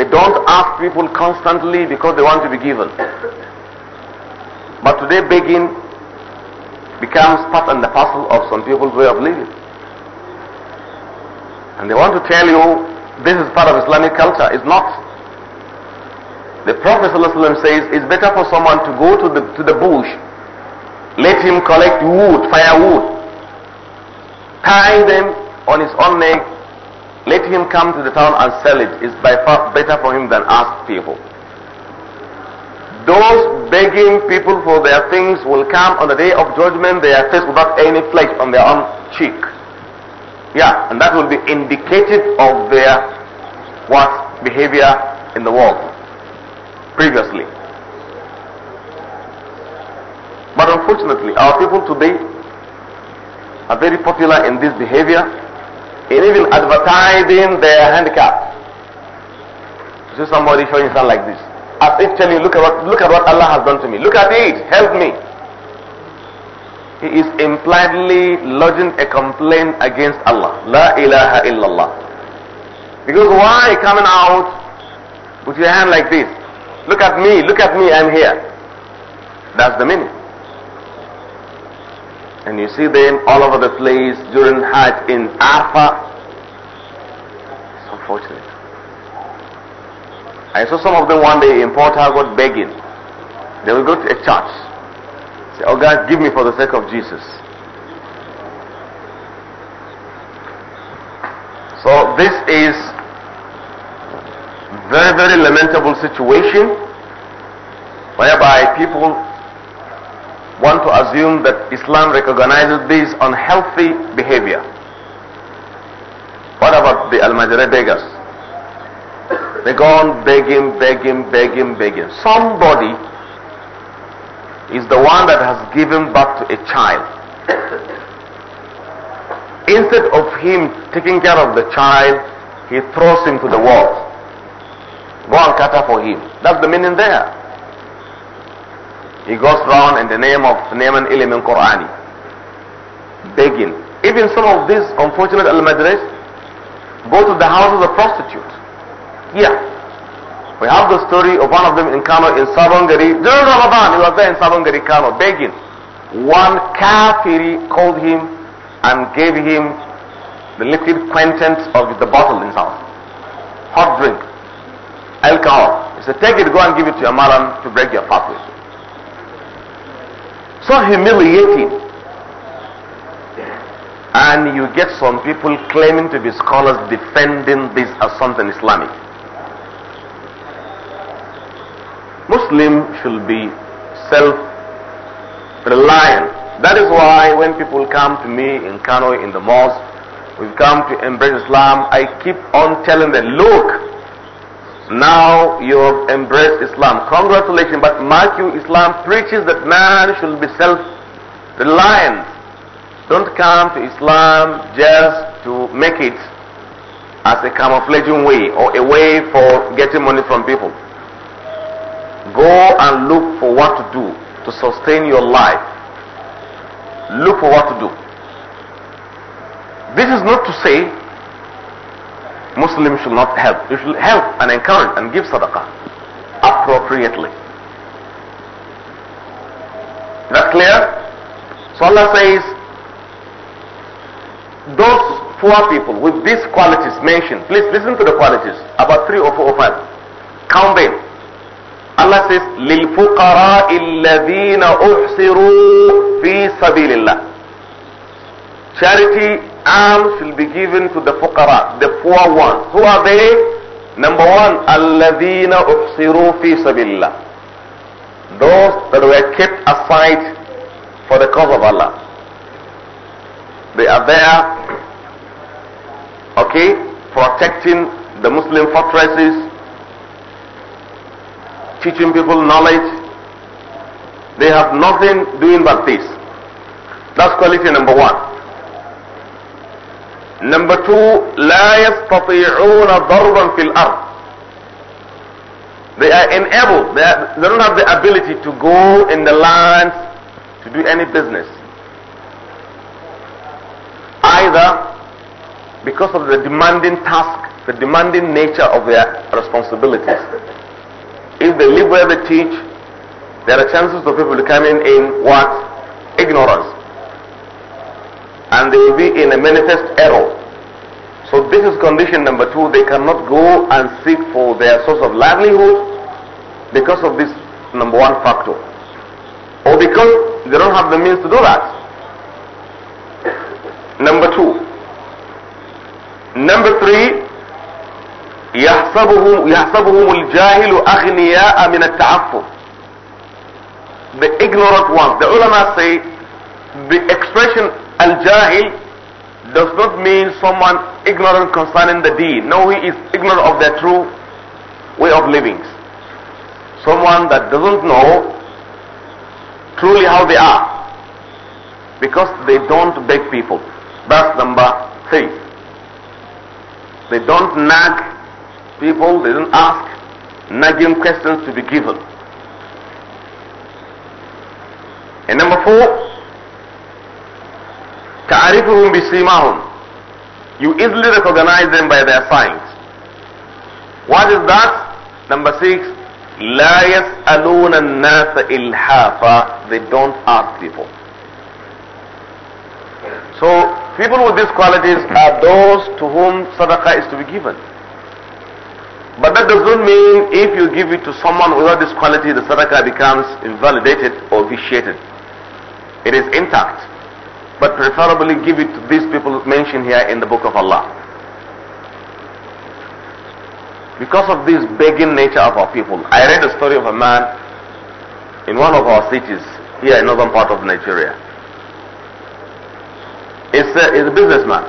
They don't ask people constantly because they want to be given. But today begging becomes part and the parcel of some people's way of living. And they want to tell you this is part of Islamic culture. It's not. The Prophet ﷺ says it's better for someone to go to the, to the bush, let him collect wood, firewood, tie them on his own neck, let him come to the town and sell it. It's by far better for him than ask people. Those begging people for their things will come on the day of judgment, their face without any flesh on their own cheek. Yeah, and that will be indicative of their what behavior in the world previously. But unfortunately, our people today are very popular in this behavior and even advertising their handicap. You see somebody showing something like this. As if telling you, look at what look at what Allah has done to me. Look at it, help me he is impliedly lodging a complaint against Allah. La ilaha illallah. Because why coming out with your hand like this? Look at me, look at me, I'm here. That's the meaning. And you see them all over the place during Hajj in Arfa. It's unfortunate. I saw some of them one day in Port Harcourt begging. They will go to a church Say, oh guys, give me for the sake of Jesus. So this is very, very lamentable situation whereby people want to assume that Islam recognizes this unhealthy behavior. What about the Almajere beggars? They go on begging, begging, begging, begging. Somebody is the one that has given birth to a child. Instead of him taking care of the child, he throws him to the wolves. Go and cater for him. That's the meaning there. He goes round in the name of Naaman Ilimin Qur'ani, begging. Even some of these unfortunate al go to the houses of prostitutes. Yeah, we have the story of one of them in Kano in Sabongari. During Ramadan, he was there in Sabongari, Kano, begging. One kafiri called him and gave him the liquid contents of the bottle in South. Hot drink. Alcohol. He said, take it, go and give it to your madam to break your fast with. So humiliating. And you get some people claiming to be scholars defending this as something Islamic. Muslim should be self-reliant. That is why when people come to me in Kano in the mosque, we've come to embrace Islam, I keep on telling them, look, now you have embraced Islam. Congratulations, but mark you, Islam preaches that man should be self-reliant. Don't come to Islam just to make it as a camouflaging way or a way for getting money from people. Go and look for what to do to sustain your life. Look for what to do. This is not to say Muslims should not help. You should help and encourage and give sadaqah appropriately. Is that clear? So Allah says, those poor people with these qualities mentioned, please listen to the qualities, about three or four or five. Count them. Allah says, لِلْفُقَرَاءِ الَّذِينَ أُحْصِرُوا فِي سَبِيلِ اللَّهِ Charity alms will be given to the fuqara, the poor ones. Who are they? Number one, الَّذِينَ أُحْصِرُوا فِي سَبِيلِ Those that were kept aside for the cause of Allah. They are there, okay, protecting the Muslim fortresses, teaching people knowledge. They have nothing doing but this. That's quality number one. Number two, لا يستطيعون ضربا في الأرض. They are unable. They, are, they don't have the ability to go in the land to do any business. Either because of the demanding task, the demanding nature of their responsibilities. If they live where they teach, there are chances of people coming in what? Ignorance. And they will be in a manifest error. So this is condition number two. They cannot go and seek for their source of livelihood because of this number one factor. Or because they don't have the means to do that. Number two. Number three, يحسبهم يحسبهم الجاهل أغنياء من التعفف the ignorant ones the ulama say the expression al-jahil does not mean someone ignorant concerning the deen no he is ignorant of the true way of living someone that doesn't know truly how they are because they don't beg people that's number three they don't nag people, they didn't ask nagging questions to be given. And number four, تعرفهم بسيماهم. You easily recognize them by their signs. What is that? Number six, لا يسألون الناس They don't ask people. So people with these qualities are those to whom sadaqah is to be given. But that doesn't mean if you give it to someone without this quality, the sadaqah becomes invalidated or vitiated. It is intact. But preferably give it to these people mentioned here in the book of Allah. Because of this begging nature of our people, I read a story of a man in one of our cities here in northern part of Nigeria. He's a, a businessman.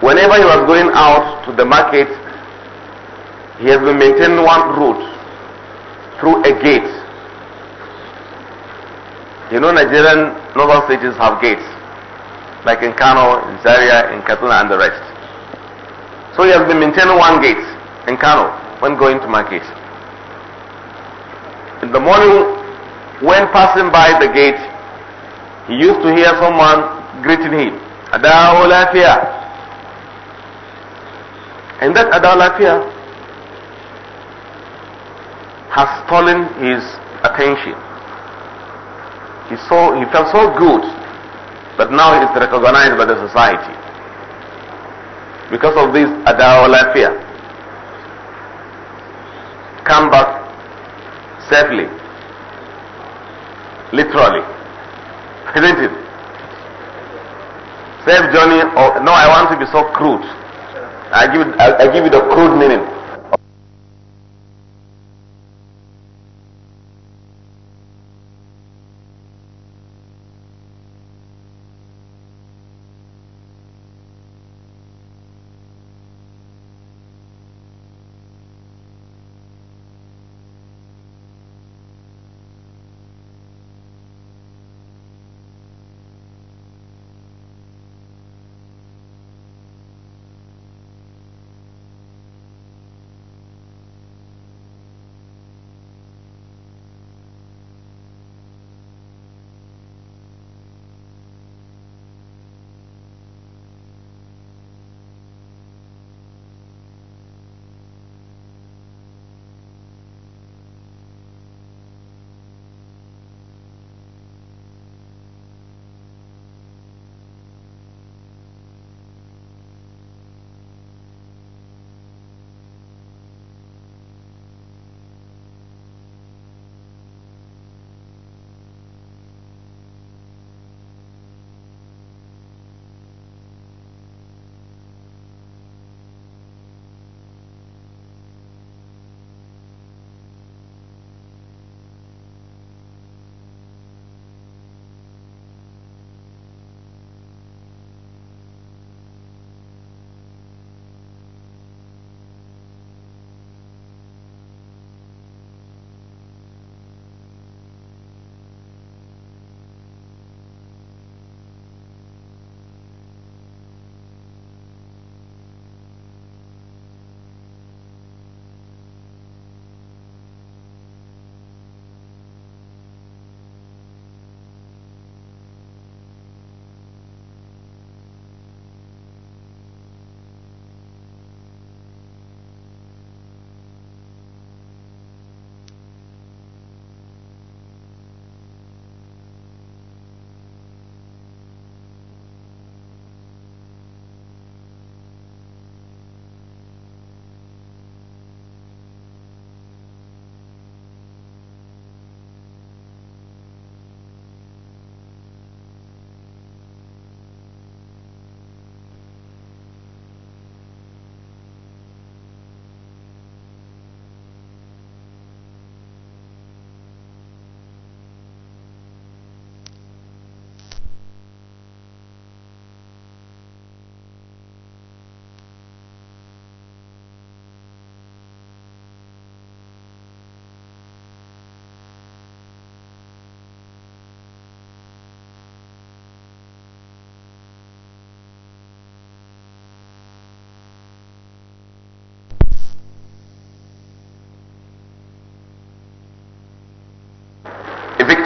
Whenever he was going out to the market he has been maintaining one road through a gate. You know, Nigerian northern cities have gates, like in Kano, in Zaria, in Katuna, and the rest. So he has been maintaining one gate in Kano when going to market. In the morning, when passing by the gate, he used to hear someone greeting him, Adahu Olafia." And that Adahu Olafia has stolen his attention. He, saw, he felt so good, but now he is recognized by the society. Because of this adawala fear. Come back safely. Literally. Isn't it? Safe journey or no, I want to be so crude. I give it, I, I give it a crude meaning.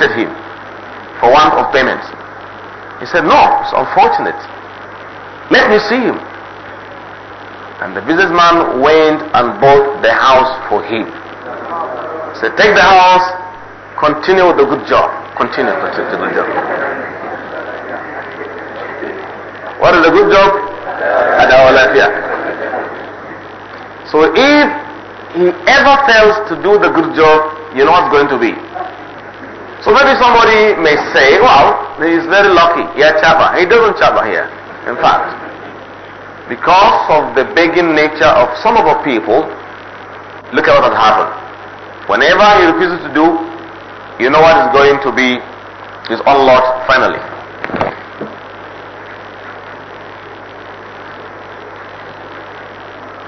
terminated him for want of payment. He said, No, it's unfortunate. Let me see him. And the businessman went and bought the house for him. He said, Take the house, continue with the good job. Continue, continue the good job. What is a good job? So if he ever fails to do the good job, you know what's going to be? So maybe somebody may say, well, he's very lucky. He chaba. He doesn't chaba here, in fact. Because of the begging nature of some of our people, look at what has happened. Whenever he refuses to do, you know what is going to be his own finally.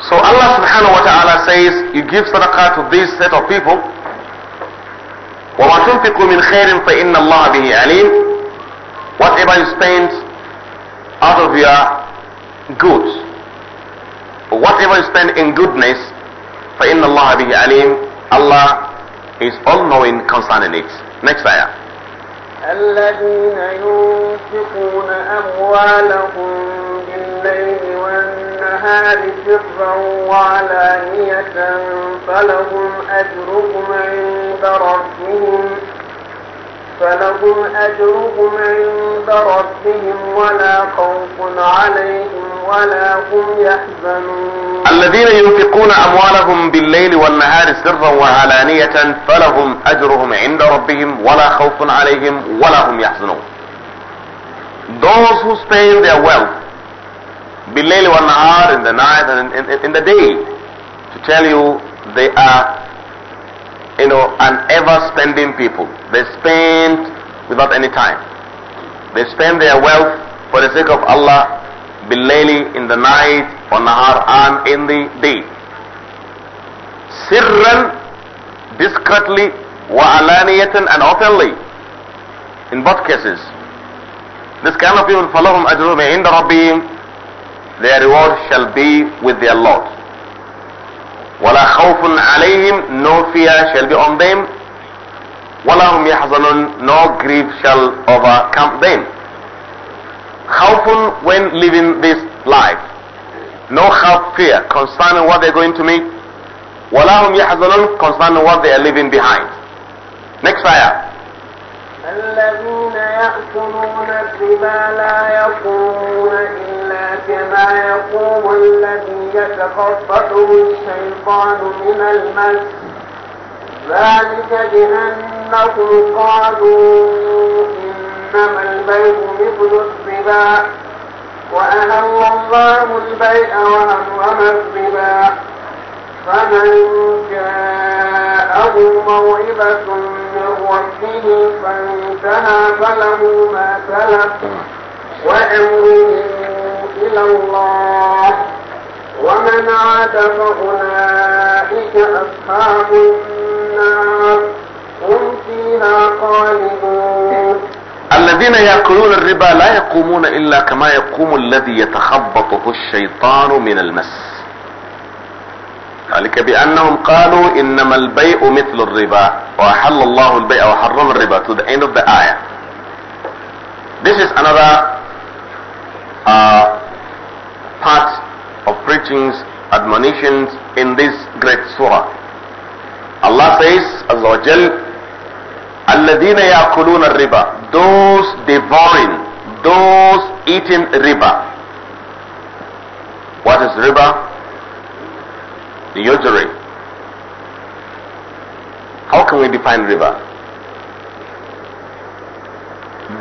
So Allah subhanahu wa ta'ala says, you give sadaqah to this set of people, وَمَا تُنْفِقُوا مِنْ خَيْرٍ فَإِنَّ اللَّهَ بِهِ عَلِيمٌ Whatever you spend out of your goods, whatever you spend in goodness, فَإِنَّ اللَّهَ بِهِ عَلِيمٌ Allah is all-knowing concerning it. Next ayah. الذين ينفقون أموالهم النهار سرا وعلانية فلهم أجرهم عند ربهم فلهم أجرهم عند ربهم ولا خوف عليهم ولا هم يحزنون الذين ينفقون أموالهم بالليل والنهار سرا وعلانية فلهم أجرهم عند ربهم ولا خوف عليهم ولا هم يحزنون Those who spend their wealth Bilali wa hour in the night and in, in, in, the day to tell you they are, you know, an ever spending people. They spend without any time. They spend their wealth for the sake of Allah, bilali in the night, on Nahar and in the day. Sirran, discreetly, wa alaniyatan and openly. In both cases. This kind of people, فَلَهُمْ in the Rabbim their reward shall be with their Lord. وَلَا خَوْفٌ عَلَيْهِمْ No fear shall be on them. وَلَا هُمْ يَحْزَنُونَ No grief shall overcome them. Khawfun when living this life. No half fear concerning what they're going to meet. وَلَا هُمْ يَحْزَنُونَ Concerning what they are leaving behind. Next ayah. الذين يأكلون الربا لا يقومون كما يقوم الذي يتخطفه الشيطان من المس ذلك بأنهم قالوا إنما البيع مثل الربا وأهل الله البيع وحرم الربا فمن جاءه موعظة من ربه فانتهى فله ما سلف وأمره إلى الله ومن عاد فأولئك أصحاب النار هم فيها خالدون الذين يأكلون الربا لا يقومون إلا كما يقوم الذي يتخبطه الشيطان من المس ذلك بأنهم قالوا إنما البيع مثل الربا وأحل الله البيع وحرم الربا to the end of the ayah. This is another uh, part of preachings, admonitions in this great surah. Allah says, Azza wa Jal, الَّذِينَ يَأْكُلُونَ riba." Those devouring, those eating riba. What is riba? The usury. How can we define riba?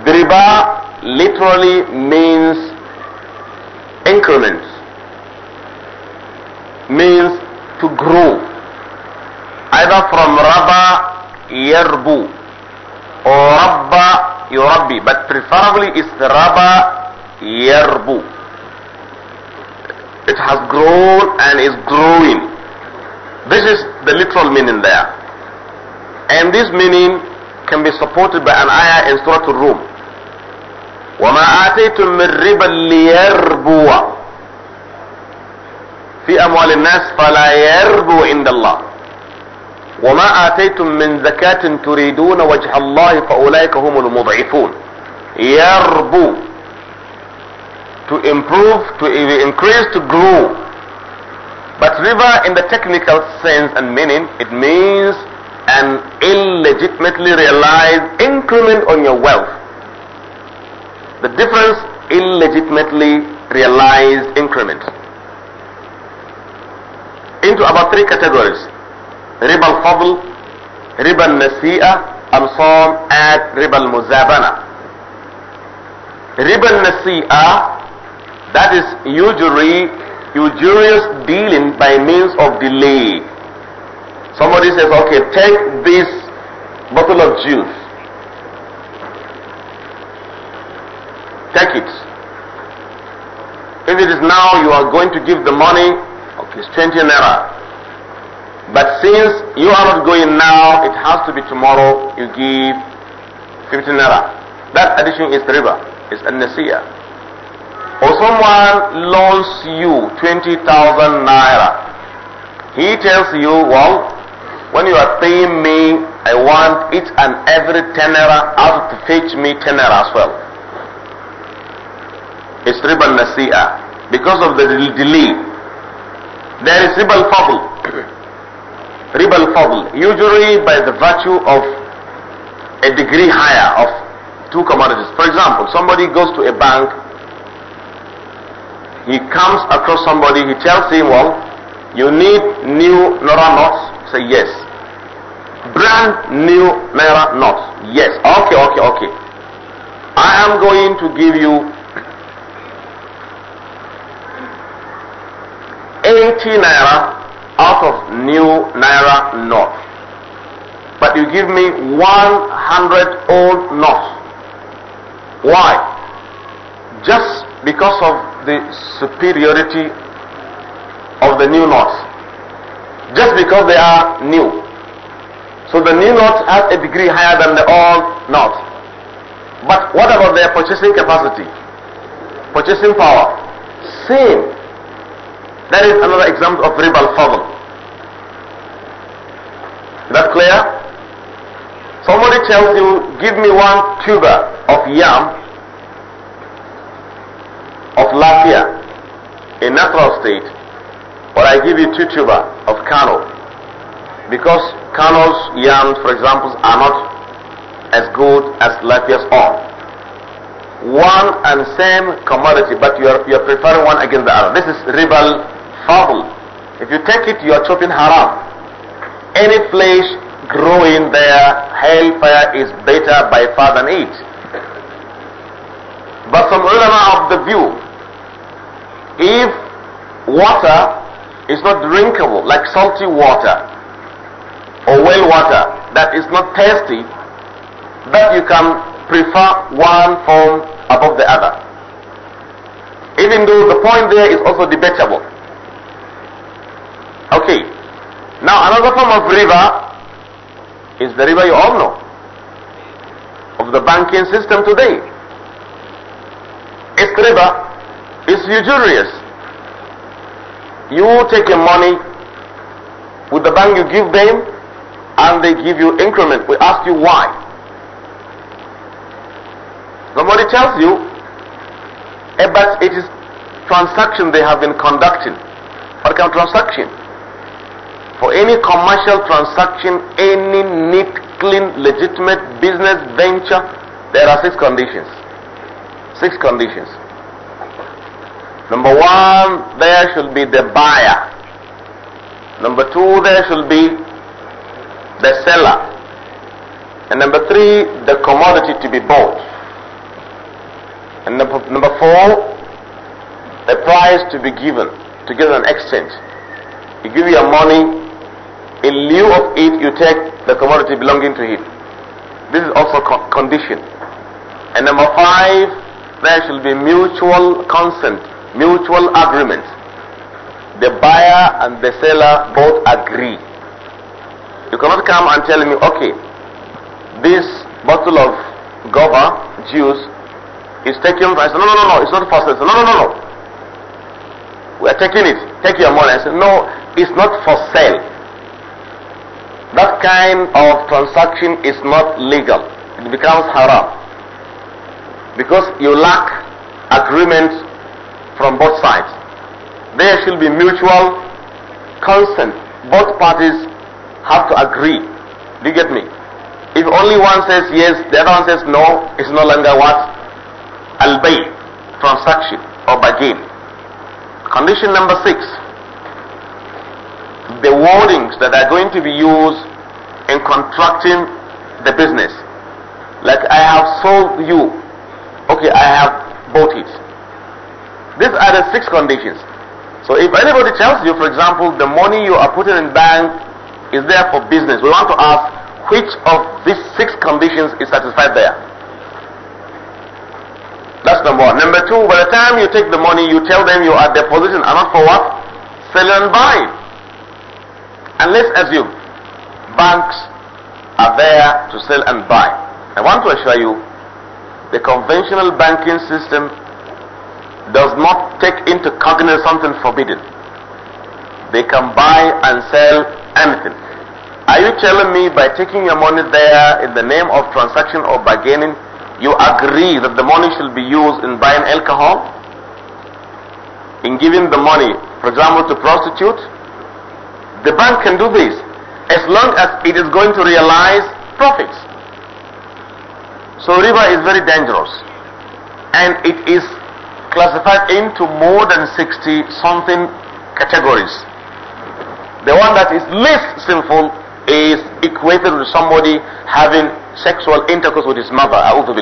The riba literally means increments means to grow either from raba yarbu or rabba yurabi, but preferably it's raba yarbu it has grown and is growing this is the literal meaning there and this meaning can be supported by an ayah in Surah Al-Rum وما آتيتم من ربا ليربو في أموال الناس فلا يربو عند الله وما آتيتم من زكاة تريدون وجه الله فأولئك هم المضعفون يربو to improve, to increase, to grow. But riba in the technical sense and meaning, it means an illegitimately realized increment on your wealth. The difference illegitimately realized increment into about three categories. Riba al-fadl, riba al-nasi'a, al some at riba al-muzabana. Riba al-nasi'a, that is usury, usurious dealing by means of delay. Somebody says, okay, take this bottle of juice Take it. If it is now you are going to give the money, okay, it's 20 naira. But since you are not going now, it has to be tomorrow, you give 15 naira. That addition is the river. it's an nasiya. Or someone loans you 20,000 naira. He tells you, well, when you are paying me, I want each and every tenera out to fetch me tenera as well is riba nasi'a because of the delay. There is ribal al-fadl. riba fadl usually by the virtue of a degree higher of two commodities. For example, somebody goes to a bank, he comes across somebody, he tells him, well, you need new Naira notes? Say yes. Brand new Naira notes? Yes. Okay, okay, okay. I am going to give you 80 naira out of new naira note. But you give me 100 old notes. Why? Just because of the superiority of the new notes. Just because they are new. So the new note has a degree higher than the old note. But what about their purchasing capacity? Purchasing power? Same that is another example of riba al-fadl. That clear? Somebody tells you, give me one tuber of yam of Lafia in natural state, or I give you two tuber of Kano. Because Kano's yams, for example, are not as good as Lafia's own. One and same commodity, but you are, you are preferring one against the other. This is riba Bubble. If you take it, you are chopping haram. Any place growing there, hellfire is better by far than it. But some ulama of the view, if water is not drinkable, like salty water or well water that is not tasty, that you can prefer one form above the other. Even though the point there is also debatable. Okay. Now another form of riba is the riba you all know of the banking system today. It's riba. It's usurious. You take your money with the bank you give them and they give you increment. We ask you why. Somebody tells you about it is transaction they have been conducting. What kind of transaction? for any commercial transaction, any neat, clean, legitimate business venture, there are six conditions. Six conditions. Number one, there should be the buyer. Number two, there should be the seller. And number three, the commodity to be bought. And number, number four, the price to be given to get an exchange. You give your money in lieu of it, you take the commodity belonging to it. This is also con condition. And number five, there should be mutual consent, mutual agreement. The buyer and the seller both agree. You cannot come and tell me, okay, this bottle of guava juice is taken. I no, no, no, no, it's not for sale. no, no, no, no. We are taking it. Take your money. I said, no, it's not for sale that kind of transaction is not legal. It becomes haram. Because you lack agreement from both sides. There should be mutual consent. Both parties have to agree. Do you get me? If only one says yes, the other one says no, it's no longer what? Al-bay, transaction or bargain. Condition number six the wordings that are going to be used in contracting the business. Like I have sold you. Okay, I have bought it. These are the six conditions. So if anybody tells you, for example, the money you are putting in bank is there for business, we want to ask which of these six conditions is satisfied there. That's number one. Number two, by the time you take the money, you tell them you are depositing, and not for what? Selling and buying. And let's assume banks are there to sell and buy. I want to assure you the conventional banking system does not take into cognizance something forbidden. They can buy and sell anything. Are you telling me by taking your money there in the name of transaction or bargaining, you agree that the money should be used in buying alcohol? In giving the money, for example, to prostitute? The bank can do this as long as it is going to realize profits. So riba is very dangerous and it is classified into more than 60 something categories. The one that is least sinful is equated with somebody having sexual intercourse with his mother. A'udhu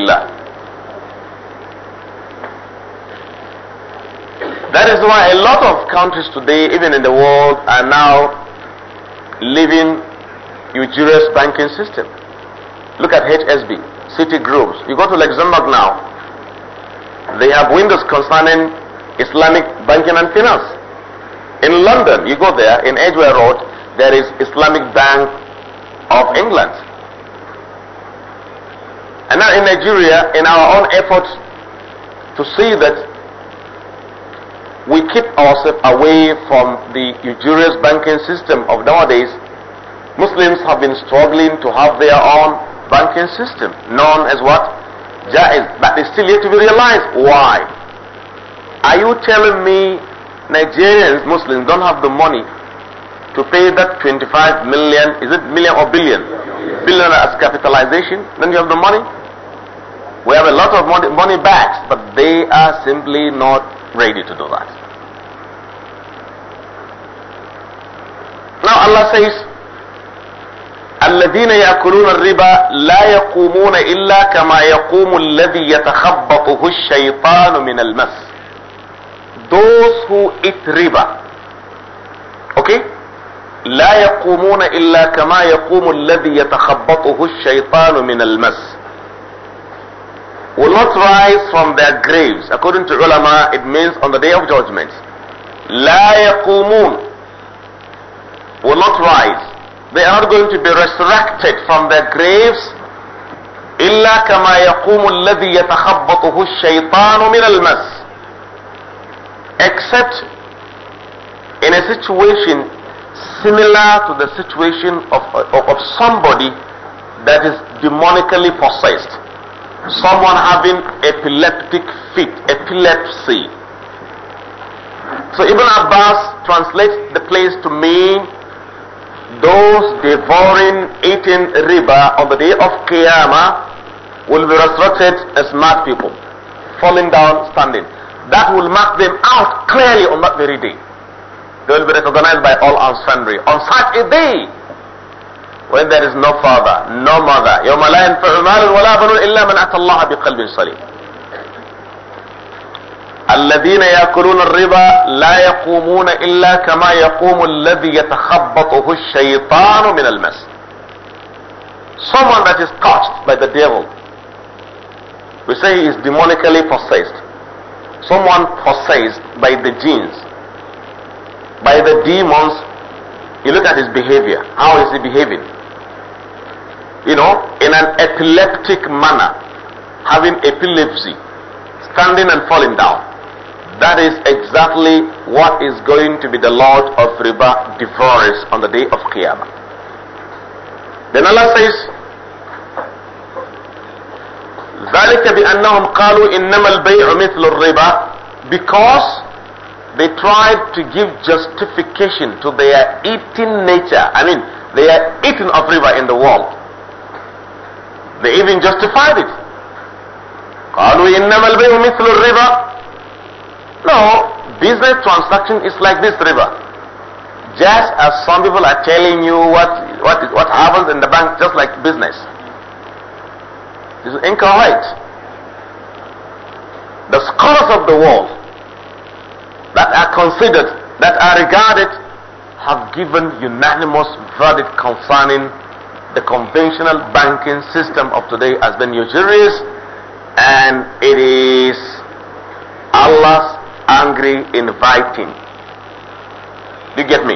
That is why a lot of countries today, even in the world, are now leaving usurious banking system. Look at HSB, city groups. You go to Luxembourg now, they have windows concerning Islamic banking and finance. In London, you go there, in Edgware Road, there is Islamic Bank of England. And now in Nigeria, in our own efforts to see that we keep ourselves away from the usurious banking system of nowadays. Muslims have been struggling to have their own banking system, known as what? Jaiz. But it's still yet to be realized. Why? Are you telling me Nigerians, Muslims don't have the money to pay that 25 million, is it million or billion? Billion as capitalization, then you have the money. We have a lot of money, money bags, but they are simply not ready to do that. Now Allah says, الذين يأكلون الربا لا يقومون إلا كما يقوم الذي يتخبطه الشيطان من المس Those who eat riba Okay لا يقومون إلا كما يقوم الذي يتخبطه الشيطان من المس Will not rise from their graves According to ulama it means on the day of judgment لا يقومون will not rise. They are not going to be resurrected from their graves. إلا كما يقوم الذي يتخبطه الشيطان من المس. Except in a situation similar to the situation of, of, of somebody that is demonically possessed. Someone having epileptic fit, epilepsy. So Ibn Abbas translates the place to mean those devouring eating riba on the day of Qiyamah will be resurrected as mad people, falling down, standing. That will mark them out clearly on that very day. They will be recognized by all our sundry. On such a day, when there is no father, no mother, يوم لا ينفع مال ولا بنون إلا من أتى الله بقلب سليم. الذين ياكلون الربا لا يقومون الا كما يقوم الذي يتخبطه الشيطان من المس someone that is touched by the devil we say he is demonically possessed someone possessed by the jinns by the demons you look at his behavior how is he behaving you know in an epileptic manner having epilepsy standing and falling down that is exactly what is going to be the Lord of riba divorce on the day of Qiyamah. Then Allah says, ذلك بأنهم قالوا إنما البيع مثل الربا because they tried to give justification to their eating nature. I mean, they are eating of riba in the world. They even justified it. قالوا إنما البيع مثل الربا no, business transaction is like this river. Just as some people are telling you what, what, what happens in the bank, just like business. This is incorrect. The scholars of the world that are considered, that are regarded, have given unanimous verdict concerning the conventional banking system of today as being usurious and it is Allah's angry inviting. Do you get me?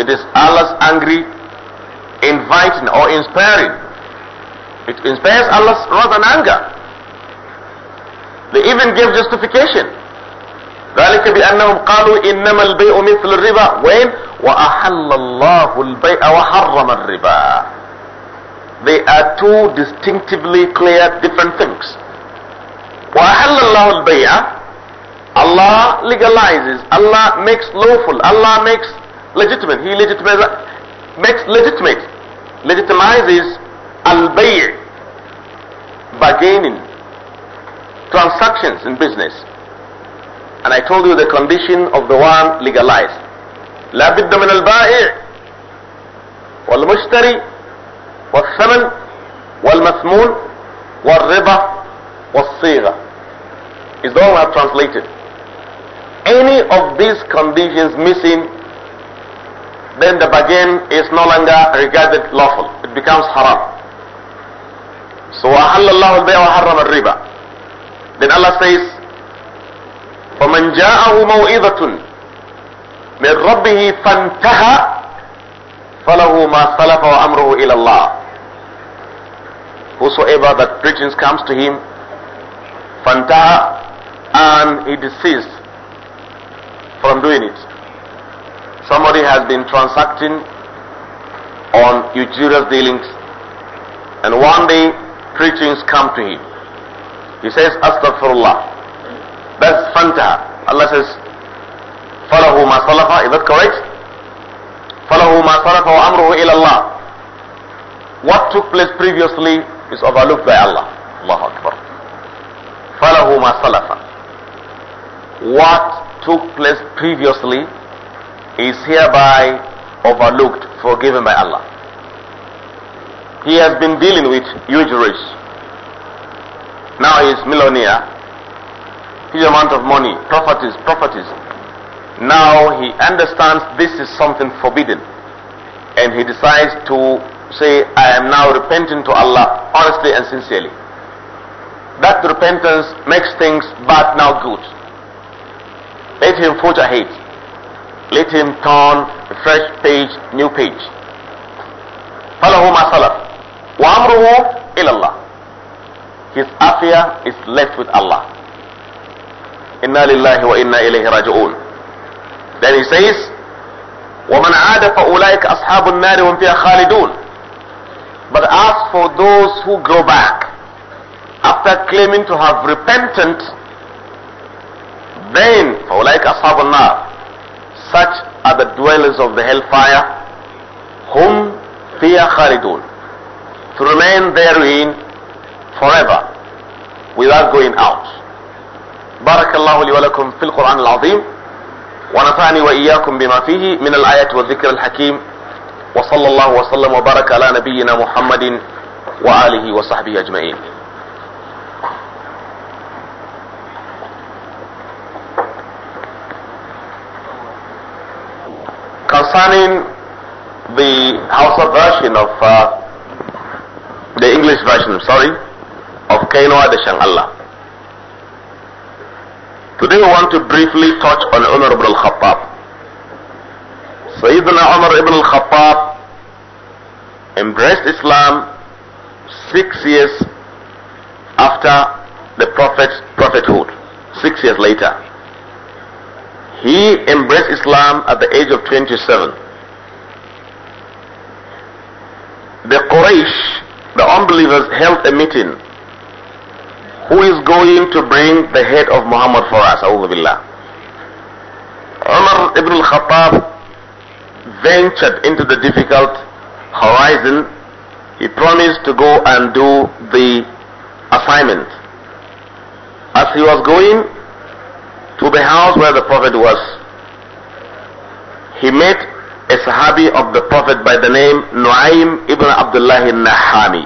It is Allah's angry inviting or inspiring. It inspires Allah's wrath and anger. They even give justification. ذلك بأنهم قالوا إنما البيع مثل الربا وين وأحل الله البيع وحرم الربا They are two distinctively clear different things. وأحل الله البيع Allah legalizes, Allah makes lawful, Allah makes legitimate, He legitimate, makes legitimate, legitimizes al-bay' bargaining, transactions in business. And I told you the condition of the one legalized. لا بد من البائع والمشتري والثمن والمثمون والربا والصيغة is the one I have translated any of these conditions missing, then the bargain is no longer regarded lawful. It becomes haram. So وَأَحَلَّ اللَّهُ الْبَيْعَ وَحَرَّمَ الرِّبَى Then Allah says, فَمَنْ جَاءَهُ مَوْئِذَةٌ مِنْ رَبِّهِ فَانْتَهَى فَلَهُ مَا سَلَفَ وَأَمْرُهُ إِلَى اللَّهِ Whosoever that preaching comes to him, فَانْتَهَى and he deceased from doing it. Somebody has been transacting on usurious dealings and one day preachings come to him. He says, Astaghfirullah. That's fanta. Allah says, Falahu ma salafa. Is that correct? Falahu ma salafa wa amruhu ila Allah. What took place previously is overlooked by Allah. Allahu Akbar. Falahu ma salafa. What took place previously is hereby overlooked, forgiven by Allah. He has been dealing with usurers. Now he is millionaire. Huge amount of money, properties, properties. Now he understands this is something forbidden. And he decides to say, I am now repenting to Allah honestly and sincerely. That repentance makes things bad now good. Let him forge ahead. Let him turn a fresh page, new page. فَلَهُ مَا سَلَفْ وَأَمْرُهُ إِلَى اللَّهِ His affair is left with Allah. إِنَّا لِلَّهِ وَإِنَّا إِلَيْهِ رَاجِعُونَ Then he says, وَمَنْ عَادَ فَأُولَٰئِكَ أَصْحَابُ النَّارِ وَمْ فِيهَا خَالِدُونَ But as for those who go back, after claiming to have repentant, Then, فَأُولَٰئِكَ أَصْحَابُ النَّارِ Such are the dwellers of the hellfire, whom fear خَالِدُونَ To remain therein forever, without going out. بارك الله لي ولكم في القرآن العظيم ونفعني وإياكم بما فيه من الآيات والذكر الحكيم وصلى الله وسلم وبارك على نبينا محمد وآله وصحبه أجمعين concerning the Hausa version of uh, the English version, sorry, of Kainwa the Allah. Today we want to briefly touch on Umar ibn al-Khattab. Sayyidina Umar ibn al-Khattab embraced Islam six years after the prophet's prophethood, six years later. He embraced Islam at the age of 27. The Quraysh, the unbelievers, held a meeting. Who is going to bring the head of Muhammad for us? Billah. Umar ibn al-Khattab ventured into the difficult horizon, he promised to go and do the assignment. As he was going, to the house where the Prophet was. He met a Sahabi of the Prophet by the name Nuaym ibn Abdullah al-Nahami.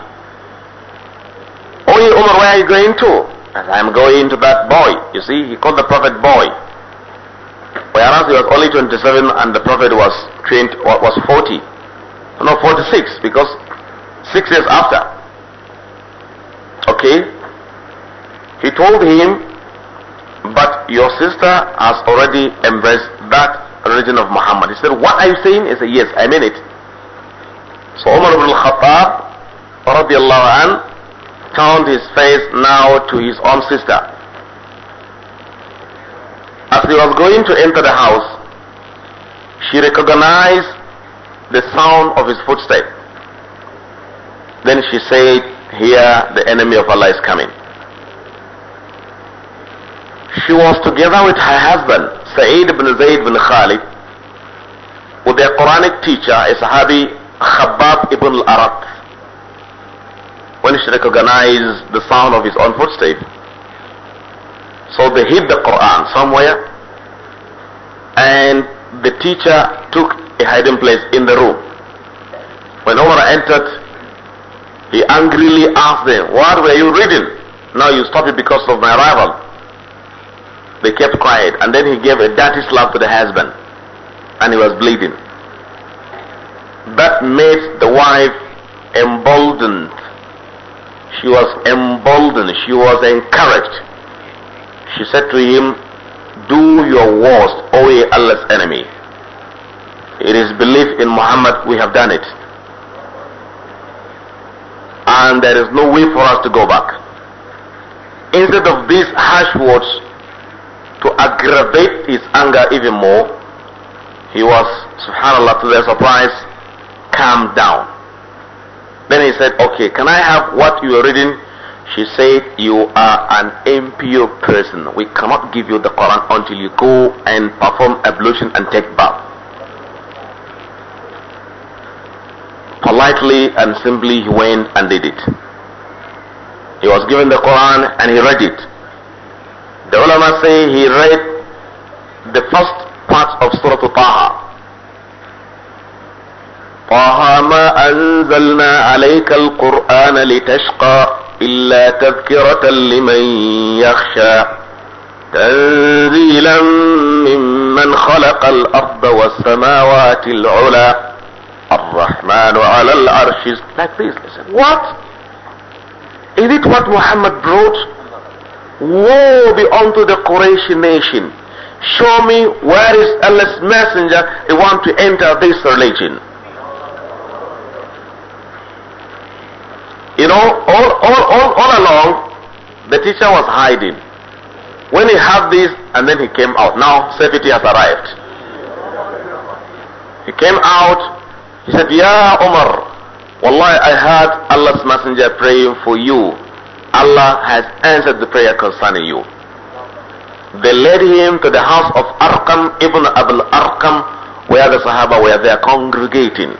Oh, Umar, where are you going to? And I'm going to that boy. You see, he called the Prophet boy. Whereas he was only 27 and the Prophet was trained was 40. No, 46, because six years after. Okay? He told him but your sister has already embraced that religion of Muhammad. He said, what are you saying? He said, yes, I mean it. So Umar ibn al-Khattab radiallahu an, turned his face now to his own sister. As he was going to enter the house, she recognized the sound of his footstep. Then she said, here the enemy of Allah is coming she was together with her husband, Sa'id ibn Zayd ibn Khalid, with their Quranic teacher, a Sahabi, Khabbab ibn al-Arat, when she recognized the sound of his own footsteps, So they hid the Quran somewhere, and the teacher took a hiding place in the room. When Omar entered, he angrily asked them, what were you reading? Now you stop it because of my arrival. They kept quiet. And then he gave a dirty slap to the husband. And he was bleeding. That made the wife emboldened. She was emboldened. She was encouraged. She said to him, Do your worst, O ye Allah's enemy. It is belief in Muhammad we have done it. And there is no way for us to go back. Instead of these harsh words, to aggravate his anger even more, he was, subhanAllah, to their surprise, calmed down. Then he said, okay, can I have what you are reading? She said, you are an impure person. We cannot give you the Quran until you go and perform ablution and take bath. Politely and simply he went and did it. He was given the Quran and he read it. The ulama say he read the first part of Surah Taha. Taha ma anzalna alayka al-Qur'an tashqa illa tadhkiratan liman yakhsha تنزيلا ممن خلق الارض والسماوات العلى الرحمن على العرش like this. what is it what Muhammad brought Woe be unto the Quraysh nation. Show me where is Allah's messenger they want to enter this religion. You know, all, all, all, all along, the teacher was hiding. When he had this, and then he came out. Now safety has arrived. He came out. He said, Ya Omar, Wallahi, I heard Allah's messenger praying for you. Allah has answered the prayer concerning you. They led him to the house of Arqam ibn Abul Arqam where the Sahaba were there congregating.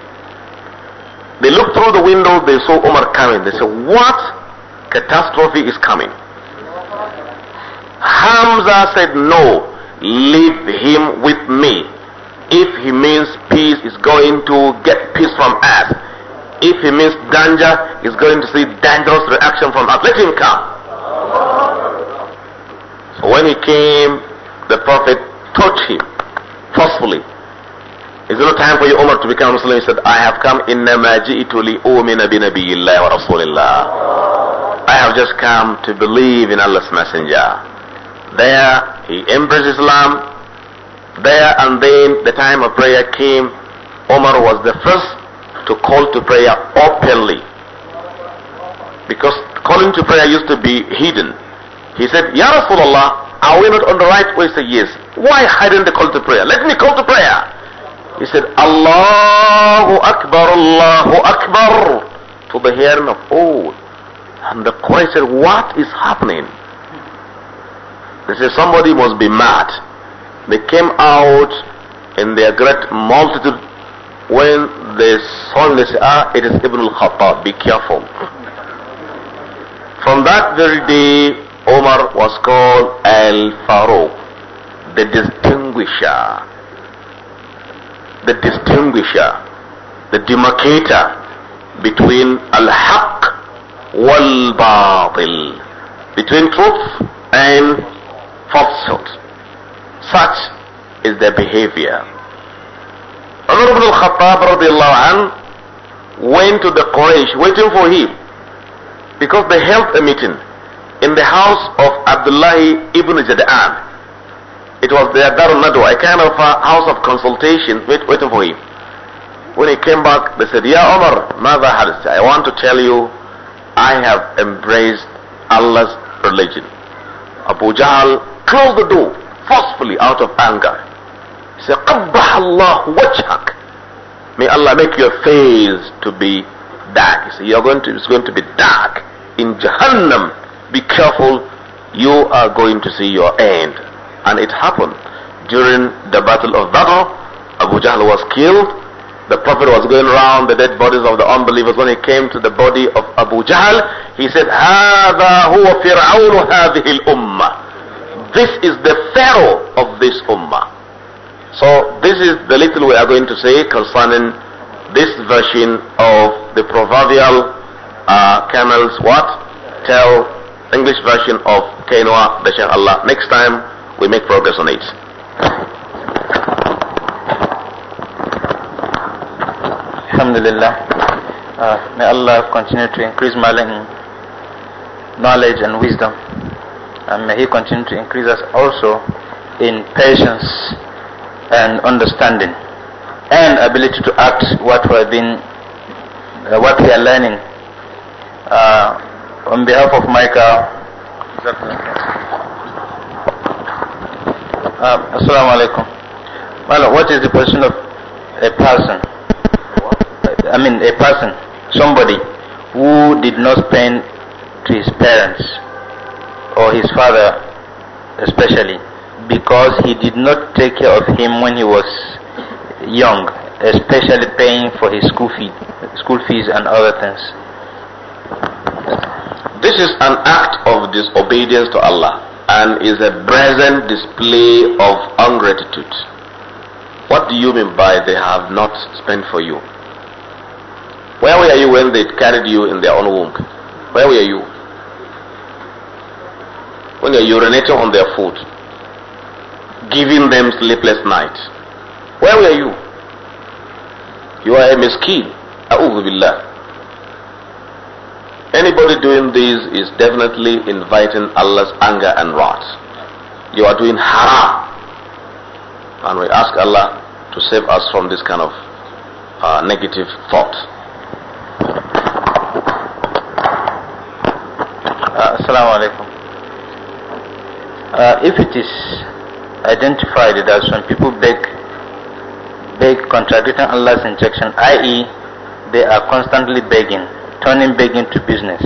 They looked through the window, they saw Umar coming. They said, what catastrophe is coming? Hamza said, no, leave him with me. If he means peace is going to get peace from us, if he means danger, he's going to see dangerous reaction from us. Let him come. So when he came, the Prophet touched him forcefully. it not time for you, Umar, to become Muslim? He said, I have come in ji'itu li umina bi nabiyillah wa rasulillah. I have just come to believe in Allah's messenger. There, he embraced Islam. There and then, the time of prayer came. Umar was the first to call to prayer openly. Because calling to prayer used to be hidden. He said, Ya Rasulullah, are we not on the right way? He said, yes. Why hiding the call to prayer? Let me call to prayer. He said, Allahu Akbar, Allahu Akbar. To the hearing of all. And the Quraysh said, what is happening? They said, somebody must be mad. They came out in their great multitude when they sung this ah, it is Ibn al-Khattab, be careful. From that very day, Omar was called Al-Faruq, the distinguisher, the distinguisher, the demarcator between al-haq wal-batil, between truth and falsehood. Such is their behavior. Umar ibn al-Khattab went to the Quraysh waiting for him because they held a meeting in the house of Abdullah ibn Jada'an. It was their Darul Nadu, a kind of a house of consultation waiting for him. When he came back, they said, Ya Omar, Mother Haris, I want to tell you, I have embraced Allah's religion. Abu Jahl closed the door forcefully out of anger. Say, قَبَّحَ wa Chak." May Allah make your face to be dark. You you're going to, it's going to be dark in Jahannam. Be careful. You are going to see your end. And it happened during the battle of Badr. Abu Jahl was killed. The Prophet was going around the dead bodies of the unbelievers. When he came to the body of Abu Jahl, he said, هَذَا هُوَ فِرْعَوْنُ هَذِهِ الْأُمَّةِ This is the Pharaoh of this Ummah. So this is the little we are going to say concerning this version of the proverbial uh, camel's what? Tell English version of Kainoa Bashar Allah. Next time we make progress on it. Alhamdulillah. Uh, may Allah continue to increase my knowledge and wisdom. And may He continue to increase us also in patience and understanding and ability to act what we have been uh, what we are learning uh, on behalf of Micah uh, Assalamu alaikum well, what is the position of a person I mean a person somebody who did not spend to his parents or his father especially because he did not take care of him when he was young, especially paying for his school, fee, school fees and other things. This is an act of disobedience to Allah and is a present display of ungratitude. What do you mean by they have not spent for you? Where were you when they carried you in their own womb? Where were you? When you're urinating on their food, giving them sleepless nights. Where were you? You are a miskin. Anybody doing this is definitely inviting Allah's anger and wrath. You are doing haram. And we ask Allah to save us from this kind of uh, negative thought. Uh, assalamu alaikum. Uh, if it is identified that some people beg, beg contradicting Allah's injunction, i.e., they are constantly begging, turning begging to business,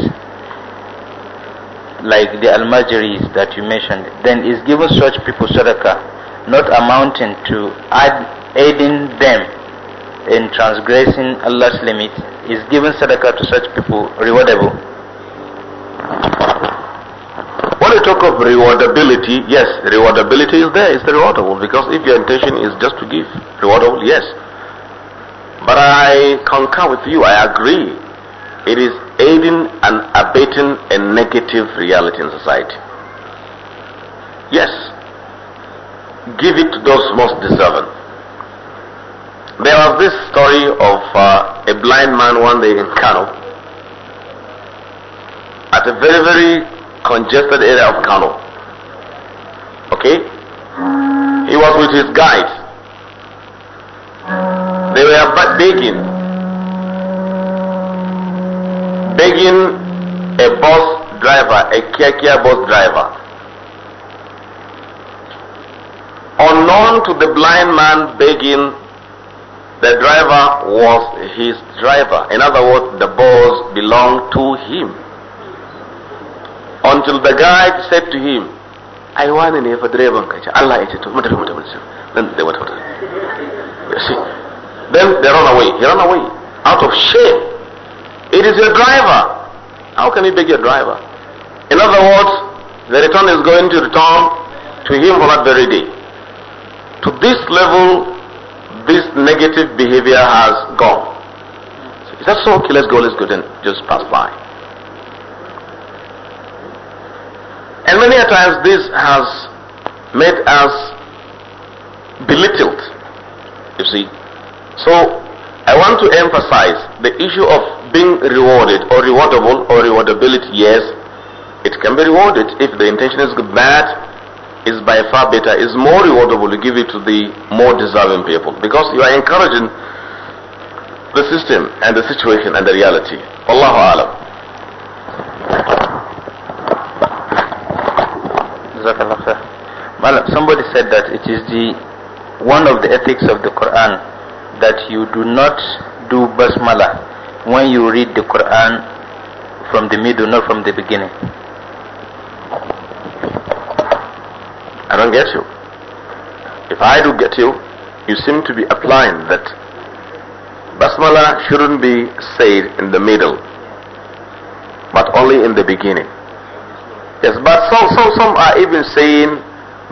like the al Majiris that you mentioned. Then is given such people sadaqah, not amounting to aid, aiding them in transgressing Allah's limits. is given sadaqah to such people rewardable. When talk of rewardability, yes, rewardability is there, it's rewardable because if your intention is just to give, rewardable, yes. But I concur with you, I agree. It is aiding and abating a negative reality in society. Yes, give it to those most deserving. There was this story of uh, a blind man one day in Kano at a very, very congested area of Kano. Okay? He was with his guide. They were begging, begging a bus driver, a Kia Kia bus driver. Unknown to the blind man begging, the driver was his driver. In other words, the bus belonged to him until the guide said to him "I want to fa direban ka ce Allah ya it. to mutar mutar then they went out then they run away he ran away out of shame it is a driver how can he beg a driver in other words the return is going to return to him for that very day to this level this negative behavior has gone is that so okay let's go let's go then just pass by And many a times this has made us belittled. You see? So I want to emphasize the issue of being rewarded or rewardable or rewardability. Yes, it can be rewarded if the intention is good. That is by far better, is more rewardable to give it to the more deserving people because you are encouraging the system and the situation and the reality. Allahu Alam. Jazakallah Malam, somebody said that it is the one of the ethics of the Quran that you do not do basmala when you read the Quran from the middle, not from the beginning. I don't get you. If I do get you, you seem to be applying that basmala shouldn't be said in the middle, but only in the beginning. Yes, but some, some, some are even saying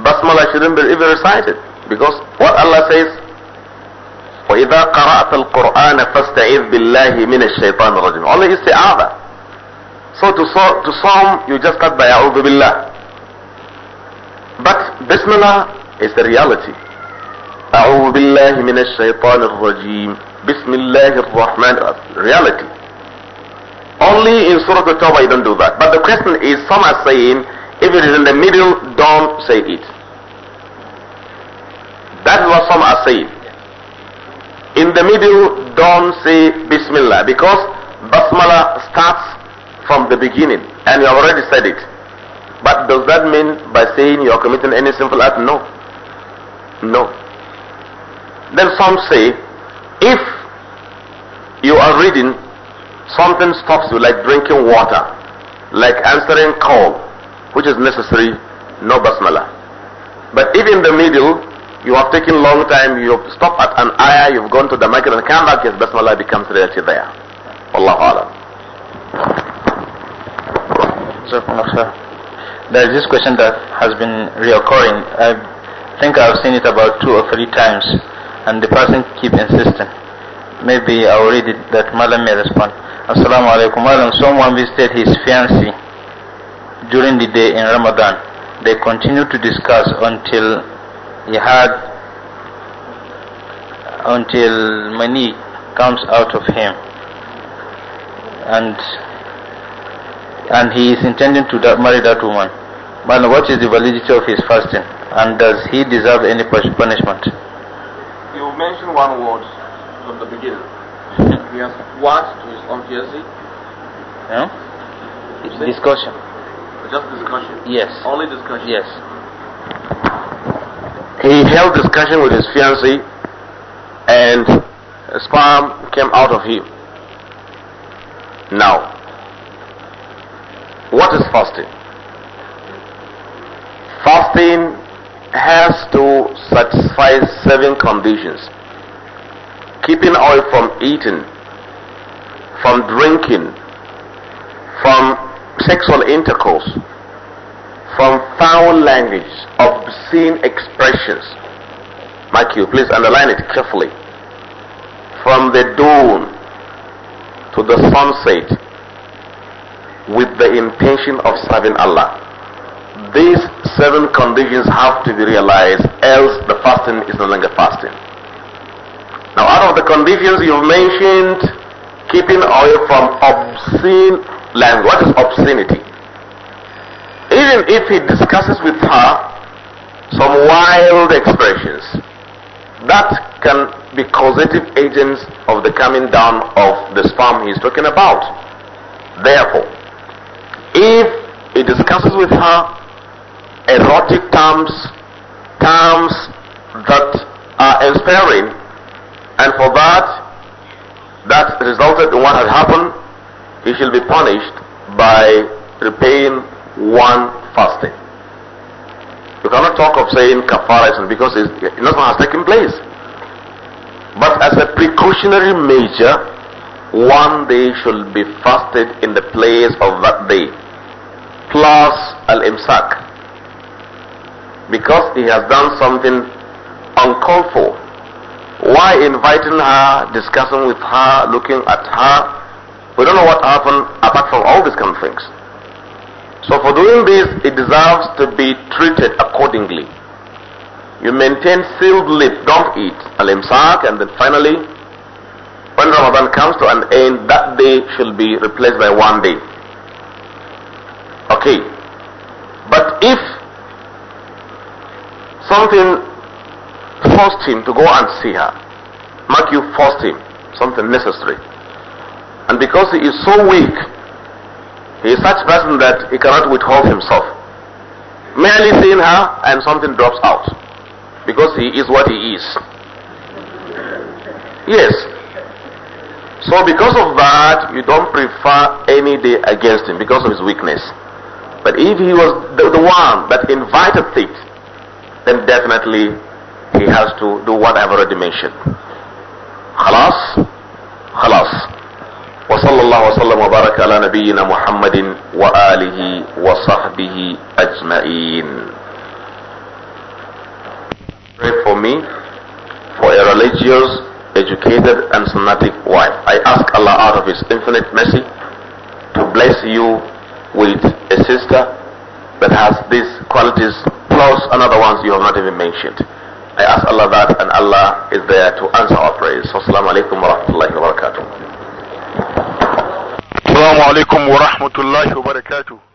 Basmala shouldn't be even recited. Because what Allah says, وَإِذَا قَرَأْتَ الْقُرْآنَ فَاسْتَعِذْ بِاللَّهِ مِن الشَّيْطَانِ الرَّجِيمِ Only is So to, so, to some, you just start by A'udhu But Bismillah is the reality. أعوذ بالله من الشيطان الرجيم بسم الله الرحمن الرحيم reality only in Surah Al-Tawbah you don't do that. But the question is, some are saying, if it is in the middle, don't say it. That is what some are saying. In the middle, don't say Bismillah because Basmala starts from the beginning and you have already said it. But does that mean by saying you are committing any sinful act? No. No. Then some say, if you are reading something stops you like drinking water, like answering call, which is necessary, no basmala. But if in the middle, you have taken long time, you have stopped at an ayah, you've gone to the market and come back, yes, basmala becomes reality there. Allah Alam. There is this question that has been reoccurring. I think I've seen it about two or three times, and the person keep insisting. Maybe I'll read it that Malam may respond. Assalamu alaikum. Malam, someone visited his fiancée during the day in Ramadan. They continued to discuss until he had, until money comes out of him. And and he is intending to marry that woman. But what is the validity of his fasting? And does he deserve any punishment? You mentioned one word, from the beginning. he has watched his obviously. Yeah. Discussion. Just discussion. Yes. Only discussion. Yes. He held discussion with his fiancee, and sperm came out of him. Now, what is fasting? Fasting has to satisfy seven conditions keeping away from eating, from drinking, from sexual intercourse, from foul language, obscene expressions. Mike, you, please underline it carefully. From the dawn to the sunset with the intention of serving Allah. These seven conditions have to be realized, else the fasting is no longer fasting. Now out of the conditions you've mentioned, keeping away from obscene language. What is obscenity? Even if he discusses with her some wild expressions, that can be causative agents of the coming down of the sperm he's talking about. Therefore, if he discusses with her erotic terms, terms that are inspiring, and for that that resulted in what had happened he shall be punished by repaying one fasting you cannot talk of saying kafara because nothing has taken place but as a precautionary measure one day should be fasted in the place of that day plus al-imsak because he has done something uncalled for why inviting her, discussing with her, looking at her? We don't know what happened apart from all these kind of things. So for doing this, it deserves to be treated accordingly. You maintain sealed lip, don't eat alim imsak and then finally, when Ramadan comes to an end, that day should be replaced by one day. Okay. But if something forced him to go and see her. Mark you forced him, something necessary. And because he is so weak, he is such person that he cannot withhold himself. Merely seeing her and something drops out. Because he is what he is. Yes. So because of that, you don't prefer any day against him because of his weakness. But if he was the, the one that invited it, then definitely he has to do what I've already mentioned. خلاص خلاص وصلى الله وسلم وبارك على نبينا محمد وآله وصحبه أجمعين Pray for me for a religious, educated and fanatic wife. I ask Allah out of His infinite mercy to bless you with a sister that has these qualities plus another ones you have not even mentioned. I ask Allah that and Allah is there to answer our prayers. Assalamu alaikum wa rahmatullahi wa barakatuh. Assalamu alaikum wa rahmatullahi wa barakatuh.